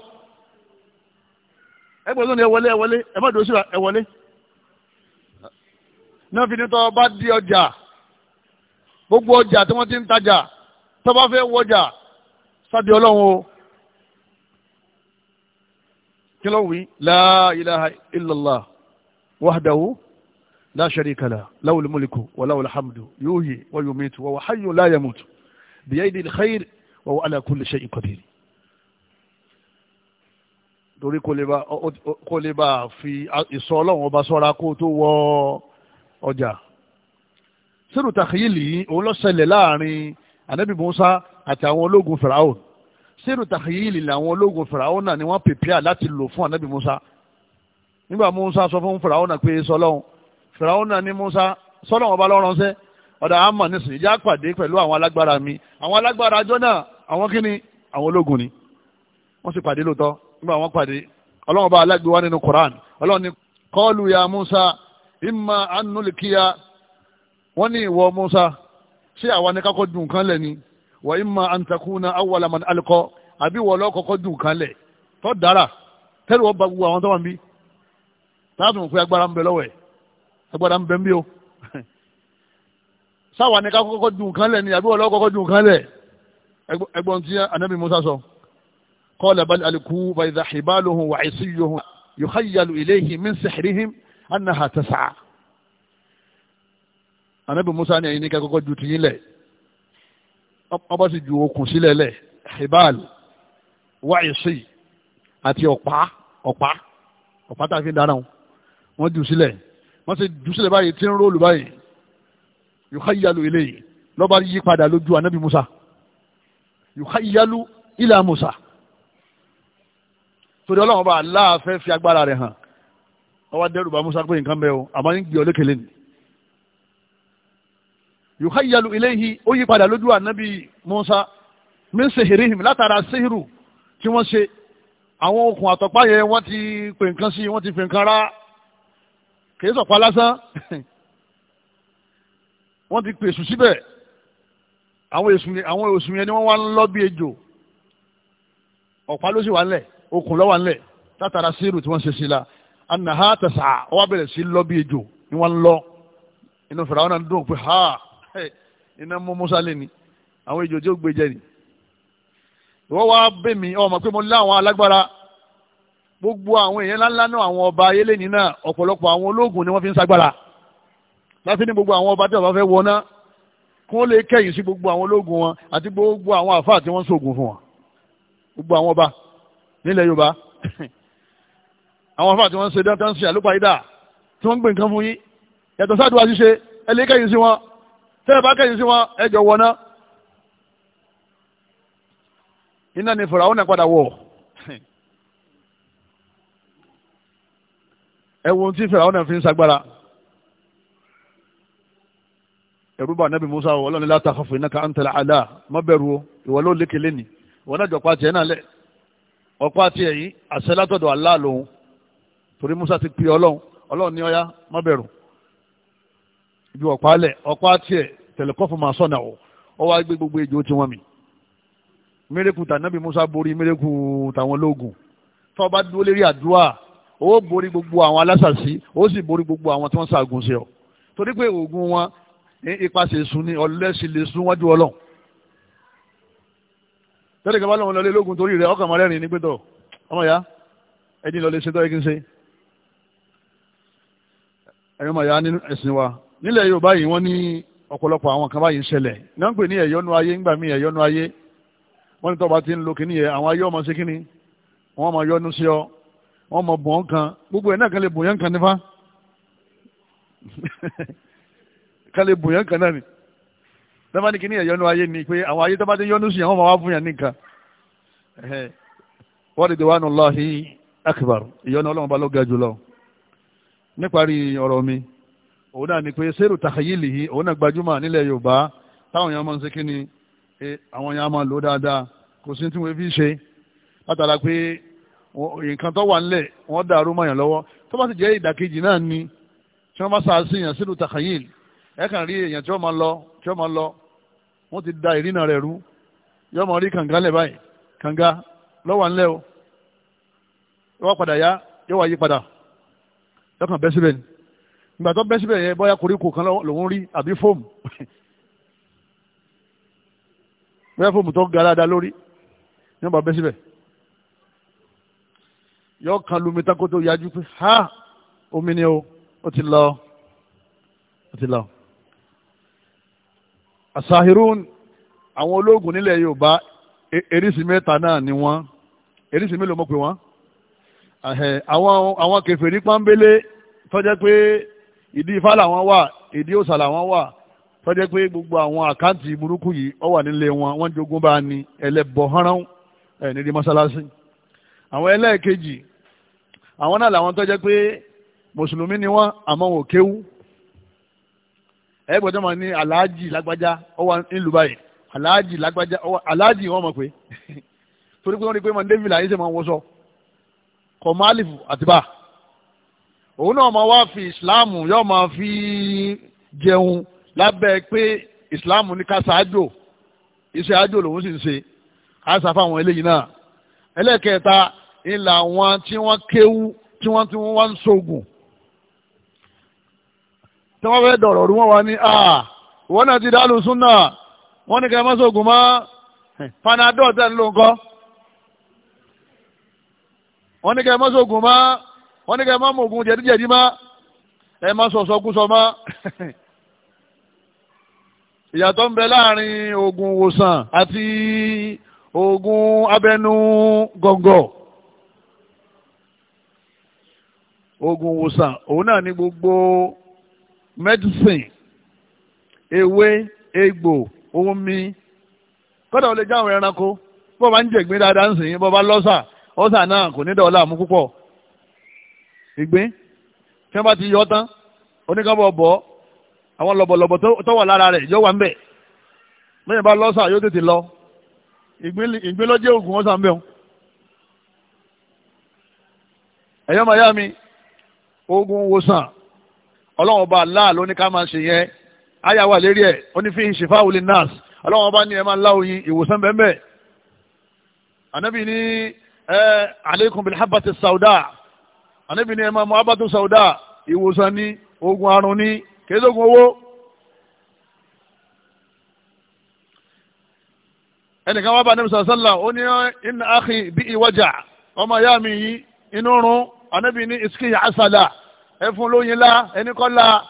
ẹ gbọ́dọ̀ ní ẹ wọlé ẹ wọlé ẹ má dòó síra ẹ wọlé náà fi ní tọ́ bá di ọjà gbogbo ọjà tí wọ́n ti ń tajà tọ́ bá fẹ́ wọjà sábì ọlọ́run o kí ló wí la ilaha illallah wahdahu la sharika lah lahul mulku wa lahul hamdu yuhyi wa yumitu wa huwa bìyàdì الخير wọ́n على كل شيء qadir torí kò lè bá fi ìsọ ọlọ́run ọba sọ́ra kó tó wọ ọjà sínú tàkìyìlì yìí òun ló ṣẹlẹ̀ láàrin anabi musa àti àwọn ológun firaun sínú tàkìyìlì làwọn ológun firaun náà ni wọ́n pèpìà láti lò fún anabi musa nígbà musa sọ fún firaun náà pé sọlọ́run firaun náà ní musa sọlọ́run ọba lọ́rọ̀ ṣẹ́ ọ̀dà àmọ̀ nísìnyí já pàdé pẹ̀lú àwọn alágbára mi àwọn alágbára àjọ náà àwọn kí ni àwọn ológun ni wọ́n sì pàdé lóòótọ́ nígbà wọ́n pàdé ọlọ́run bá alágbé wá nínú Quran ọlọ́run ni kọ́ọ̀lù ya Musa imma anulikiya wọ́n ní ìwọ Musa ṣé àwa ni kakọ́ dùn kan lẹ̀ ni wa imma antakuna awwala man alqa àbí wọ́n lọ́ kọ́kọ́ dùn kan lẹ̀ tó dára tẹ́lẹ̀ wọ́n ba gbogbo àwọn tó sáwà ní ká kọ́kọ́ dùn kan lẹ̀ ni àbí wọ́n lọ́wọ́ kọ́kọ́ dùn kan lẹ̀ ẹgbọ́n tí anabi musa sọ qala bal alqu fa idha hibaluhum wa isiyuhum yukhayyalu ilayhi min sihrihim annaha tas'a anabi musa ní ẹ̀yin ní ká kọ́kọ́ ju tiyín lẹ̀ ọba sì ju okùn sílẹ̀ lẹ̀ hibal wa isiy àti ọ̀pá ọ̀pá ọ̀pá tá a fi dáná wọn ju sílẹ̀ wọ́n sì ju sílẹ̀ báyìí tí ń róòlù báyìí yùkáyàlú eléyìí lọ́ba yí padà lójú anabi musa yùkáyàlú ilà musa torí ọlọ́run ọba Allah fẹ́ fi agbára rẹ̀ hàn ọwọ́ dẹ́rù bá musa pé nǹkan bẹ́ẹ̀ o àmọ́ ń gbé ọlékele ni yùkáyàlú eléyìí ó yí padà lójú anabi musa min sehirihim látara sehiru tí wọ́n ṣe àwọn okùn àtọ̀pá yẹn wọ́n ti pè nǹkan sí wọ́n ti pè nǹkan rá kì í sọ̀pá lásán <laughs> wọ́n ti pèsè síbẹ̀ àwọn èsùn àwọn èsùn yẹn ni wọ́n wá ń lọ bí ejò ọ̀pá ló sì wà ńlẹ̀ okùn ló wà ńlẹ̀ látara síìrù tí wọ́n ṣe sí la àna ha tẹ̀sà ọwọ́ bẹ̀rẹ̀ sí lọ bí ejò ni wọ́n ń lọ inú fèrè àwọn náà dùn pé ha iná mú musa lé ni àwọn ejò tí ó gbé jẹ ni ìwọ́ wá bẹ̀ mí ọmọ pé mo lé àwọn alágbára gbogbo àwọn èèyàn ńláńlá náà àwọn ọba ayéléni ni wọ́n fi ń láti ní gbogbo àwọn ọba tí ọba fẹ́ wọná kó lè kẹ́yìn sí gbogbo àwọn ológun wọn àti gbogbo àwọn àfáà tí wọ́n ń ṣògùn fún wọn gbogbo àwọn ọba nílẹ̀ Yorùbá <laughs> àwọn àfáà tí wọ́n ń ṣe dáńtá ń ṣe àlùpà ìdá tí wọ́n ń gbé nǹkan fún yín yàtọ̀ sáàdùn àṣìṣe ẹ lè kẹ́yìn sí wọn tẹ́ ẹ bá kẹ́yìn sí wọn ẹ jọ wọná iná ni fọ̀rọ̀ àwọn náà wọ̀ <laughs> ẹ wo ohun tí fọ̀rọ̀ àwọn náà fi ń ẹ̀rú bá anábì musa o ọlọ́run la takhaf innaka antal a'la má bẹ̀rù o ìwọ ló lékè lẹ́ni ìwọ náà jọ pàtì ẹ̀ náà lẹ̀ ọ̀pọ̀ àti ẹ̀yìn àṣẹ látọ̀dọ̀ Allah lòun torí musa ti pè ọlọ́run ọlọ́run ní ọ̀yá má bẹ̀rù ibi ọ̀pá alẹ̀ ọ̀pá àti ẹ̀ tẹ̀lẹ́kọ́fù máa sọ̀nà o ọ wá gbé gbogbo ejò tí wọ́n mi mérekù tànàbí musa borí mérekù tàwọn ológun torí pé oògùn wọn ipasẹ̀ èṣù ni ọ̀lẹ́sìn lè sún wájú ọlọ́run tẹ́lẹ̀ kan bá lọ́wọ́ lọlé lógun torí rẹ̀ ọkàn mọ́rẹ́rin ní pẹ́tọ̀ ọmọ ya ẹni lọlé ṣe tọ́yẹ́ kí n ṣe ẹ̀yọ́ mọ̀ ya ní ẹ̀sìn wa nílẹ̀ Yorùbá yìí wọ́n ní ọ̀pọ̀lọpọ̀ àwọn kan báyìí ń ṣẹlẹ̀ náà ń pè ní ẹ̀yọ́nu ayé ńgbà mí ẹ̀yọ́nu ayé wọ́n ní tọ́ba ti ń lo kíní yẹ àwọn ayé ọmọ sí kíní wọ́n mọ yọ́nu sí ọ wọ́n mọ bùn kan gbogbo ẹ̀ náà kan lè bùn kan nífa <laughs> kálẹ̀ bòyàn kan náà ni tọ́ba ní kí ní ẹ̀yọ́nú ayé ni pé àwọn ayé tọ́ba ti yọ́nú sí àwọn ọmọ wa fún yàn nìkan wọ́n ti wánu lọ́hí akbar ìyọ́nú ọlọ́run bá ló ga jùlọ níparí ọ̀rọ̀ mi òun náà ni pé sẹ́rù tàhayìlì yìí òun náà gbajúmọ̀ nílẹ̀ yorùbá táwọn èèyàn máa ń ṣe kí ni àwọn èèyàn máa lò dáadáa kò sí tí wọ́n fi ṣe látara pé nǹkan tó wà nílẹ̀ wọ́n dàrú mọ́ yàn lọ́wọ́ tó bá jẹ́ ìdàkejì náà ni tí wọ́n bá sàásìyàn sẹ́rù tàhayìlì ẹ kàn rí èèyàn tí wọ́n máa lọ tí wọ́n máa lọ wọ́n ti da ìrìnà rẹ̀ rú yọ́ọ́ máa rí kànga lẹ̀ báyìí kànga lọ́wọ́ ńlẹ̀ o yọ́ọ́ padà yá yọ́ọ́ wá yí padà yọ́ọ́ kàn bẹ́ síbẹ̀ ni ìgbà tó bẹ́ síbẹ̀ yẹn bóyá koríko kan lòún rí àbí fóòmù <laughs> bóyá fóòmù tó ga dáadáa lórí yọ́ọ́ bá bẹ́ síbẹ̀ yọ́ọ́ kan lumi tako yájú pé ha omi ni o ó ti lọ ó ti lọ asahirun àwọn ológun nílẹ̀ yorùbá e, eríṣi mẹ́ta náà ni wọ́n eríṣi mélòó mọ̀ pé wọ́n àwọn àwọn kèfèrí pọ́nbélé tọ́jẹ́ pé ìdí ifá làwọn wà ìdí òòṣà làwọn wà tọ́jẹ́ pé gbogbo àwọn àkáǹtì burúkú yìí ó wà nílé wọn wọ́n jogún bá ní ẹlẹ́bọ hánrán ẹ̀ nídìí mọ́sálásí àwọn ẹlẹ́ẹ̀kejì àwọn náà làwọn tọ́jẹ́ pé mùsùlùmí ni wọ́n àmọ́ wọn kéwú ẹ gbọ́dọ̀ máa ní aláàjì lágbájá ọwọ́ nílùú báyìí aláàjì lágbájá ọwọ́ aláàjì wọ́n mọ̀ pé <laughs> torí pé wọ́n rí pé máa david ayé ṣe máa wọ́sọ kọ̀málìfù àtibá òun náà máa wá fi ìsìláàmù yóò máa fi jẹun lábẹ́ pé ìsìláàmù ní ká ṣáájò iṣẹ́ àjò lòun sì ń ṣe àṣà fáwọn eléyìí náà ẹlẹ́kẹ̀ẹ́ta ńlá wọn tí wọ́n kéwú tí wọ́n ti wọ́n wá ń ṣoògùn tí wọ́n fẹ́ dọ̀rọ̀ rú wọn wá ní à wọ́n náà ti dálù súnà wọ́n ní kẹ́ mọ́ sóògùn mọ́ panadol tẹ̀ ń lò ńkọ́ wọ́n ní kẹ́ mọ́ sóògùn mọ́ wọ́n ní kẹ́ mọ́ mọ̀ọ́gùn jẹ̀díjẹ̀dí mọ́ ẹ má sọ̀sọ́ kú sọ mọ́ ìyàtọ̀ ń bẹ láàrin oògùn ìwòsàn àti oògùn abẹnú gọ̀ǹgọ̀ oògùn ìwòsàn òun náà ní gbogbo medicine ewé egbò omi kọ́dà ó lè jáwọ́ ẹranko bó bá ń jẹ̀gbín dáadáa ń sìn bó bá lọ́sà ọ̀sà náà kò ní dọ̀ọ́lá mú púpọ̀ ìgbín tí wọ́n bá ti yọ tán oníkàbọ̀ bọ̀ àwọn lọ̀bọ̀lọ̀bọ̀ tó wà lára rẹ̀ yóò wà ń bẹ̀ lẹ́yìn bá lọ́sà yóò tètè lọ ìgbín lọ́jẹ́ ògùn ọ̀sà ń bẹ̀ wọn. ẹ̀yọ́ màyá mi oògùn wòsàn ọlọ́run ọba aláà ló ní ká máa ṣe yẹn àyà wà lérí ẹ̀ ó ní fi ìṣèfà wòlé nas ọlọ́run ọba ní ẹ máa ń lá oyin ìwòsàn bẹ́ẹ̀ bẹ́ẹ̀ ànábì ní ẹ aleikum bil habati sauda ànábì ní ẹ máa mọ abatu sauda ìwòsàn ní oògùn àrùn ní kéésògùn owó. ẹnìkan wá bá ní musa sálà ó ní iná bí ìwájà ọmọ ìyá mi yìí inú rún ànábì ní ìsìkì àṣàlà ẹ fún lóyin la ẹni kọ́ la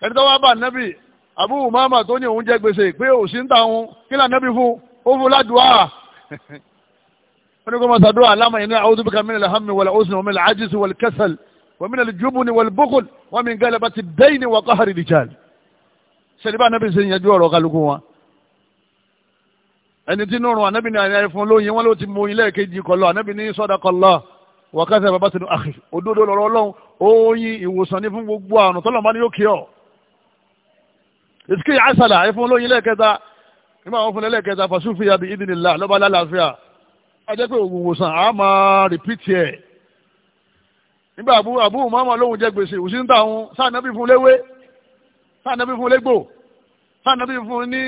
ẹni tó wá bá nẹ́bì Abu Umama tó ní òun jẹ gbèsè pé òsì ń ta òun kí là nẹ́bì fún ó fún ládùúà wọ́n <laughs> ní kó máa sàdúrà aláma yìí ní a'udhu bika min al-hammi wal-huzni wa min al-'ajzi wal-kasal wa min al-jubni wal-bukhli wa min ghalabati ad-dayni wa qahri ar-rijal sẹ́díbà nẹ́bì sì ń yanjú ọ̀rọ̀ kálukú wọn ẹni tí nùrùn ànábì ní àyà fún lóyin wọn ló ti mú ilé kejì kọlọ ànábì ní sadaqa Allah wa kadhaba batnu akhi òdodo lọ́rọ̀ Ọlọ́run oyin ìwòsàn ní fún gbogbo àrùn tọ́lọ̀ bá ní yóò kí ọ ìsìkì àṣàlà ìfún olóyin lẹ́ẹ̀kẹta nígbà wọn fún lẹ́ẹ̀kẹta fàṣúfìyà bí ìdìnnìlá lọ́ba lálàáfíà ajẹ́ pé òògùn ìwòsàn a máa rìpítì ẹ̀ nígbà àbúrò àbúrò mọ́mọ́ lóhun jẹ gbèsè òsín táwọn sáànàbí fún léwé sáànàbí fún légbò sáànàbí fún ní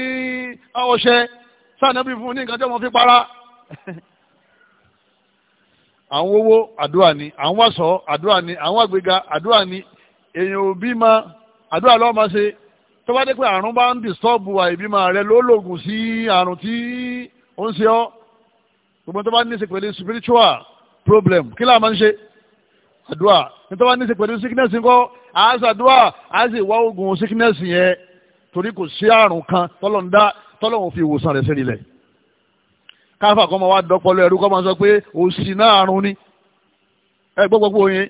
ọṣẹ sáànàbí fún ní nǹkan tí wọ́n fi para <laughs> àwọn owó àdúrà ni àwọn aṣọ àdúrà ni àwọn àgbéga àdúrà ni èèyàn ò bímọ àdúrà lọ́ọ́ máa ṣe tó bá dé pé àrùn bá ń dìstọ́ọ̀bù àìbímọ rẹ ló lògùn sí àrùn tí ó ń ṣe ọ́ gbogbo tó bá ní ṣe pẹ̀lú spiritual problem kí láà máa ń ṣe àdúrà tó bá ní í ṣe pẹ̀lú sickness ńkọ́ àásàdúrà àásì wá oògùn sickness yẹn torí kò sí àrùn kan tọ́lọ́ ń dá tọ́lọ́ òun fi ìwòsàn rẹ̀ sí nílẹ̀ káfà kọ́ máa wá dọ́pọ̀lọ́ ẹ̀rú kọ́ máa sọ pé òsì náà àrùn ni ẹ gbọ́ gbogbo yẹn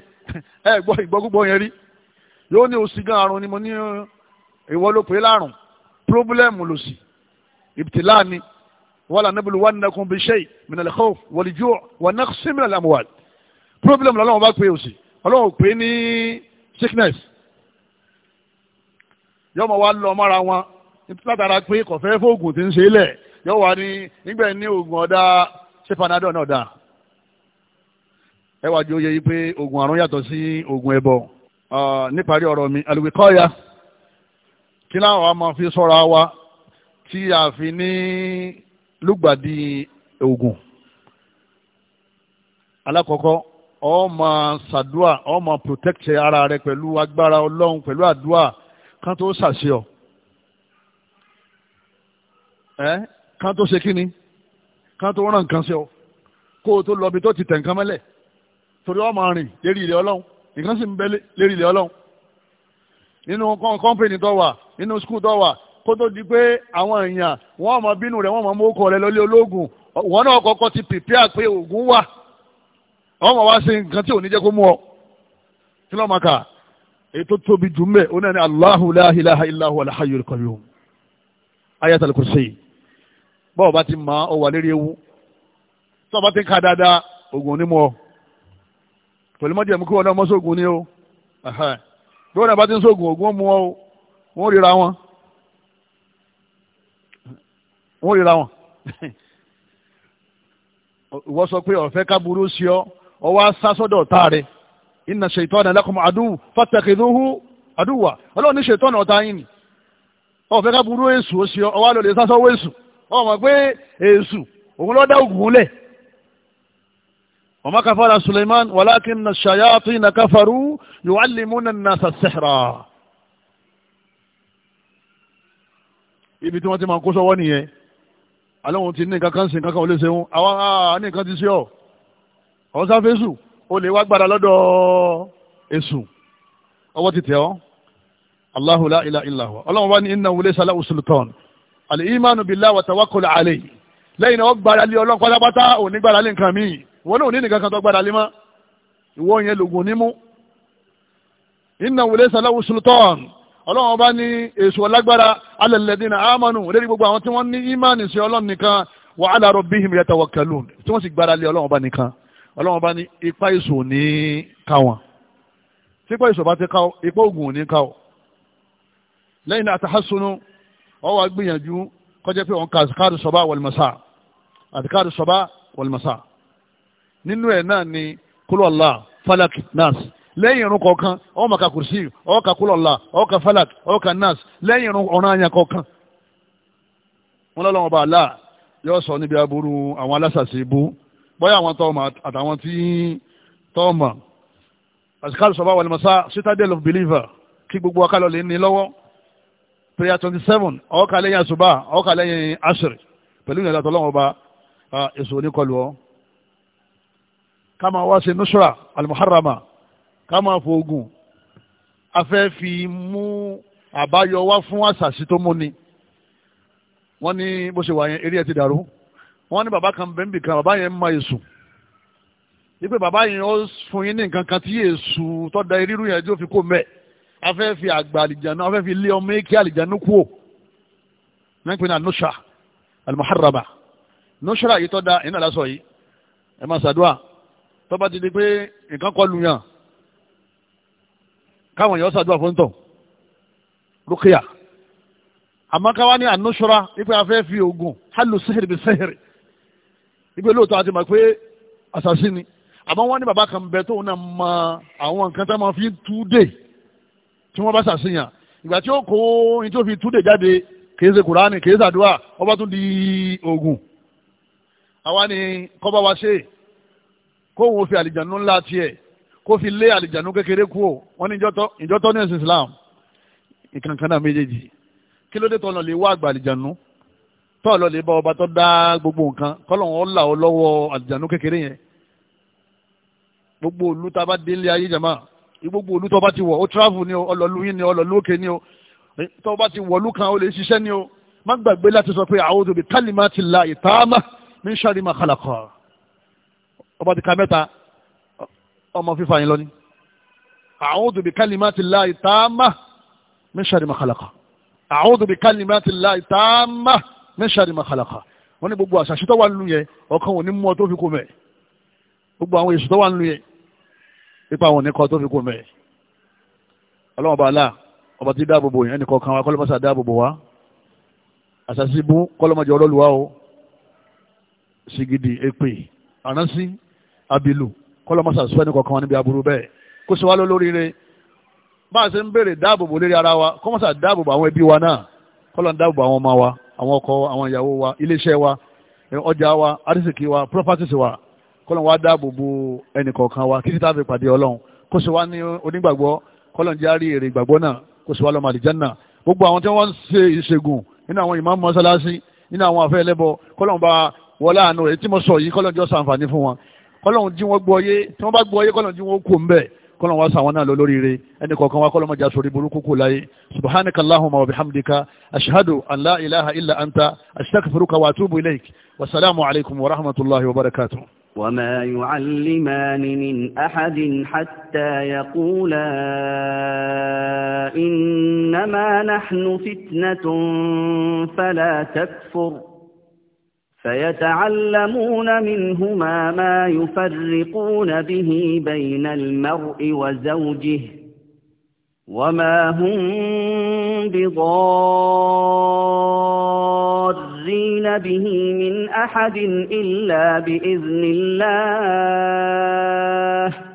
ẹ gbọ́ ìgbọ́ gbogbo yẹn rí yóò ní òsì gan àrùn ni mo ní ìwọ ló pè láàrùn pírọ́bùlẹ́mù lòsì ìbìtìlá ni wala nabluwannakum bi shay min al-khawf wal-ju' wa naqsin min al-amwal problem lọ́lọ́wọ́ bá pè òsì ọlọ́wọ́ pè ní sickness yọ́mọ̀ wá lọ mọ́ra wọn látara pé kọ̀fẹ́ fóògùn ti ń ṣe lẹ̀ yóò wá ní nígbà ní oògùn ọ̀dà ṣé panadol náà dà ẹ wá jẹ́ oyè yìí pé oògùn àrùn yàtọ̀ sí oògùn ẹbọ níparí ọ̀rọ̀ mi àlùwìkọ́yà kí láwọn a máa fi sọ́ra wa tí a fi ní lùgbàdì oògùn alákọ̀ọ́kọ́ ọ máa ṣàdúà ọ máa protect ara rẹ pẹ̀lú agbára ọlọ́run pẹ̀lú àdúà kan tó ṣàṣeyọ̀ ẹ kán tó ṣe kínní kán tó ràn nǹkan ṣe ọ kó o tó lọ ibi tó ti tẹ̀ nǹkan mẹ́lẹ̀ torí ọmọ rìn lérí ilẹ̀ ọlọ́run nǹkan sì ń bẹ lérí ilẹ̀ ọlọ́run nínú kọ́ńpìnì tó wà nínú skul tó wà kó tó di pé àwọn èèyàn wọ́n bínú rẹ̀ wọ́n rẹ̀ ti Allahu la ilaha illa huwa al-hayyul qayyum bọ́ọ̀ bá ti mọ̀ ọ wà lérí ewu tọ́ bá ti ka dáadáa oògùn onímọ̀ pẹ̀lú mọ́jẹ̀mú kí wọn náà mọ́ sóògùn ni o bí wọn náà bá ti ń sóògùn oògùn mú ọ wọn ríra wọn wọn ríra wọn <laughs> ìwọ sọ pé ọ̀fẹ́ kábúrú sí ọ ọ wá sá sọ́dọ̀ ọ̀tá rẹ̀ inna shaytana lakum adu fattakhidhuhu aduwa ọlọ́run ní ṣètọ́nà ọ̀tá yín ni ọ̀fẹ́ kábúrú èṣù ó sí ọ ọwá lọ lè sá ọ mọ̀ pé èṣù òun lọ́dá ògùn lẹ̀ ọmọ kafara suleiman wàlákin na ṣayáàtú iná kafaru yóò alimu na nasa sihra ibi tí wọ́n ti máa kó sọ́wọ́ nìyẹn aláwọn ti ní nǹkan kan sí nǹkan kan ò lè ṣe wọn àwọn àá ní nǹkan ti ṣe ọ ọ sáfẹ́sù o lè wá gbára lọ́dọ̀ èṣù ọwọ́ ti tẹ̀ ọ́ Allahu la ilaha illa ọlọ́run wá ní innahu laysa lahu sultan al-imanu billahi wa tawakkul alayhi lẹ́yìn náà ó gbára lé ọlọ́run pátápátá òun ní gbára lé nǹkan míì ìwọ náà ò ní nǹkan kan tó gbára lé mọ́ ìwọ yẹn lògùn nímú inna laysa lahu sultan ọlọ́run ọba ní èso ọlágbára ala alladhina amanu lórí gbogbo àwọn tí wọ́n ní ìmánì sí ọlọ́run nìkan wa ala rabbihim yatawakkalun tí wọ́n sì gbára lé ọlọ́run ọba ọ wá gbìyànjú kọjá pé òun ka àsìkáàdù sọba wàlmásà àsìkáàdù sọba wàlmásà nínú ẹ̀ náà ni kúlọ̀lá falak nas lẹ́yìn irun kọ̀ọ̀kan ọ máa ka kùrìsì ọ ka kúlọ̀lá ọ ka falak ọ ka nas lẹ́yìn irun ọ̀ràn àyàn kọ̀ọ̀kan wọn lọ́lọ́wọ́n bá aláà yóò sọ níbi aburú àwọn alásàsì ibú bóyá àwọn tọ́ọ̀mà àtàwọn tí tọ́ọ̀mà àsìkáàdù sọba wàlmásà citadel of believer kí gbogbo akálọ̀ lè ní lọ́wọ́ prayer twenty seven ọ̀ọ́kà lẹ́yìn àṣùbà ọ̀ọ́kà lẹ́yìn àṣírí pẹ̀lú ìrìnàjò àtọ́lọ́wọ́n ọba èso oníkọlù ọ́ ká máa wá sí nusra alimuharama ká máa fo ogun afẹ́ fi mú àbáyọ wá fún àṣàṣì tó mú ni wọ́n ní bó ṣe wà yẹn eré ẹ̀ ti dàrú wọ́n ní bàbá kan bẹ́ẹ̀ nìkan bàbá yẹn máa èso wípé bàbá yẹn ó fún yín ní nǹkan kan tí èso tó da irú yẹn tí ó fi kó mẹ́ẹ̀ afẹ́ fi àgbà àlìjánu afẹ́ fi lé ọmọ èké àlìjánu kú ò wọ́n pè ní anusha alimuharaba nusra yìí tọ́ da iná lásọ yìí ẹ máa ṣàdúrà tó bá ti di pé nǹkan kọ lu yàn káwọn èèyàn ṣàdúrà fún tọ̀ rúkìá àmọ́ káwá ní anusra wípé afẹ́ fi oògùn hálù sẹ́hìrì bí sẹ́hìrì wípé lóòótọ́ àti mọ̀ pé àṣàṣì ni àmọ́ wọ́n ní bàbá kan bẹ tóun náà mọ àwọn nǹkan tá máa fi tú dé tí wọ́n bá ṣàṣeyàn ìgbà tí ó kó ní tó fi túdè jáde kìí ṣe kùránì kìí ṣàdúrà ọba tún di oògùn àwa ni kọ́ba wa ṣe kóhun fi àlìjànú ńlá tiẹ̀ kó fi lé àlìjànú kékeré kú o wọ́n ní ìjọ́tọ́ ní ẹ̀sìn Islam ìkankan náà méjèèjì kí ló dé tọ́ lọ lè wá àgbà àlìjànú tọ́ lọ lè bá ọba tó dá gbogbo nǹkan kọ́lọ́hún ọ̀là ọ lọ́wọ́ àlìjànú kékeré yẹn gbogbo olú tá a bá délé ayé jàmáà gbogbo olú tó bá ti wọ̀ ó travel ni o ọlọ́lu yín ni o ọlọ́lu òkè ni o tó bá ti wọ̀lú kan ó lè ṣiṣẹ́ ni o má gbàgbé láti sọ pé a'udhu bi kalimatillahi taama min sharri ma khalaqa ọba ti ka mẹ́ta ọmọ fífa yín lọ́ni a'udhu bi kalimatillahi taama min sharri ma khalaqa a'udhu bi kalimatillahi taama min sharri ma khalaqa wọ́n ní gbogbo àṣàṣítọ́ wà nínú yẹn ọkàn òní mú ọ tó fi kó mẹ́ gbogbo àwọn èṣù tó wà nínú yẹn ipa àwọn oníkọ tó fi kú mẹ́ ọlọ́wọ́n bá aláà ọba tí dáàbòbò yẹn nìkan kan wa kọ́lọ́mọ́sà dáàbòbò wa àṣàṣì bú kọ́lọ́mọ́jọ ọlọ́luwa o sigidi èpè àránsí abilu kọ́lọ́mọ́sà sọ ẹnìkan kan wa níbi aburú bẹ́ẹ̀ kó sọ wá lọ lórí rẹ bá a ṣe ń béèrè dáàbòbò lérí ara wa kọ́mọ́sà dáàbòbò àwọn ẹbí wa náà kọ́lọ́n dáàbòbò àwọn ọmọ wa àwọn ọkọ àwọn ìyàwó wa iléeṣẹ́ wa ọjà wa arísìkí wa properties wa kọ́lọ́n wá dáàbò bo ẹnì kọ̀ọ̀kan wa títí tá a fi pàdé ọlọ́run kó sì wá ní onígbàgbọ́ kọ́lọ́n járí èrè ìgbàgbọ́ náà kó sì wá lọ́mọ àlìjánà gbogbo àwọn tí wọ́n ń ṣe ìṣègùn nínú àwọn ìmáàmù mọ́sálásí nínú àwọn àfẹ́ ẹlẹ́bọ kọ́lọ́n bá wọlé àánú rẹ̀ tí mo sọ yìí kọ́lọ́n jọ sàǹfààní fún wọn kọ́lọ́n jí wọ́n gbọ́ yé tí wọ́n bá gbọ́ yé kọ́lọ́n jí wọ́n kú mbẹ́ kọ́lọ́n wá kọ̀ọ̀kan wá kọ́lọ́n mọ̀já sórí burúkú kù láyé subhanaka allahumma wa bihamdika ashhadu an la ilaha illa anta astaghfiruka wa atubu ilayk wa salaamu alaykum wa rahmatullahi wa barakatuh وما يعلمان من أحد حتى يقولا إنما نحن فتنة فلا تكفر فيتعلمون منهما ما يفرقون به بين المرء وزوجه وما هم بضارين به من أحد إلا بإذن الله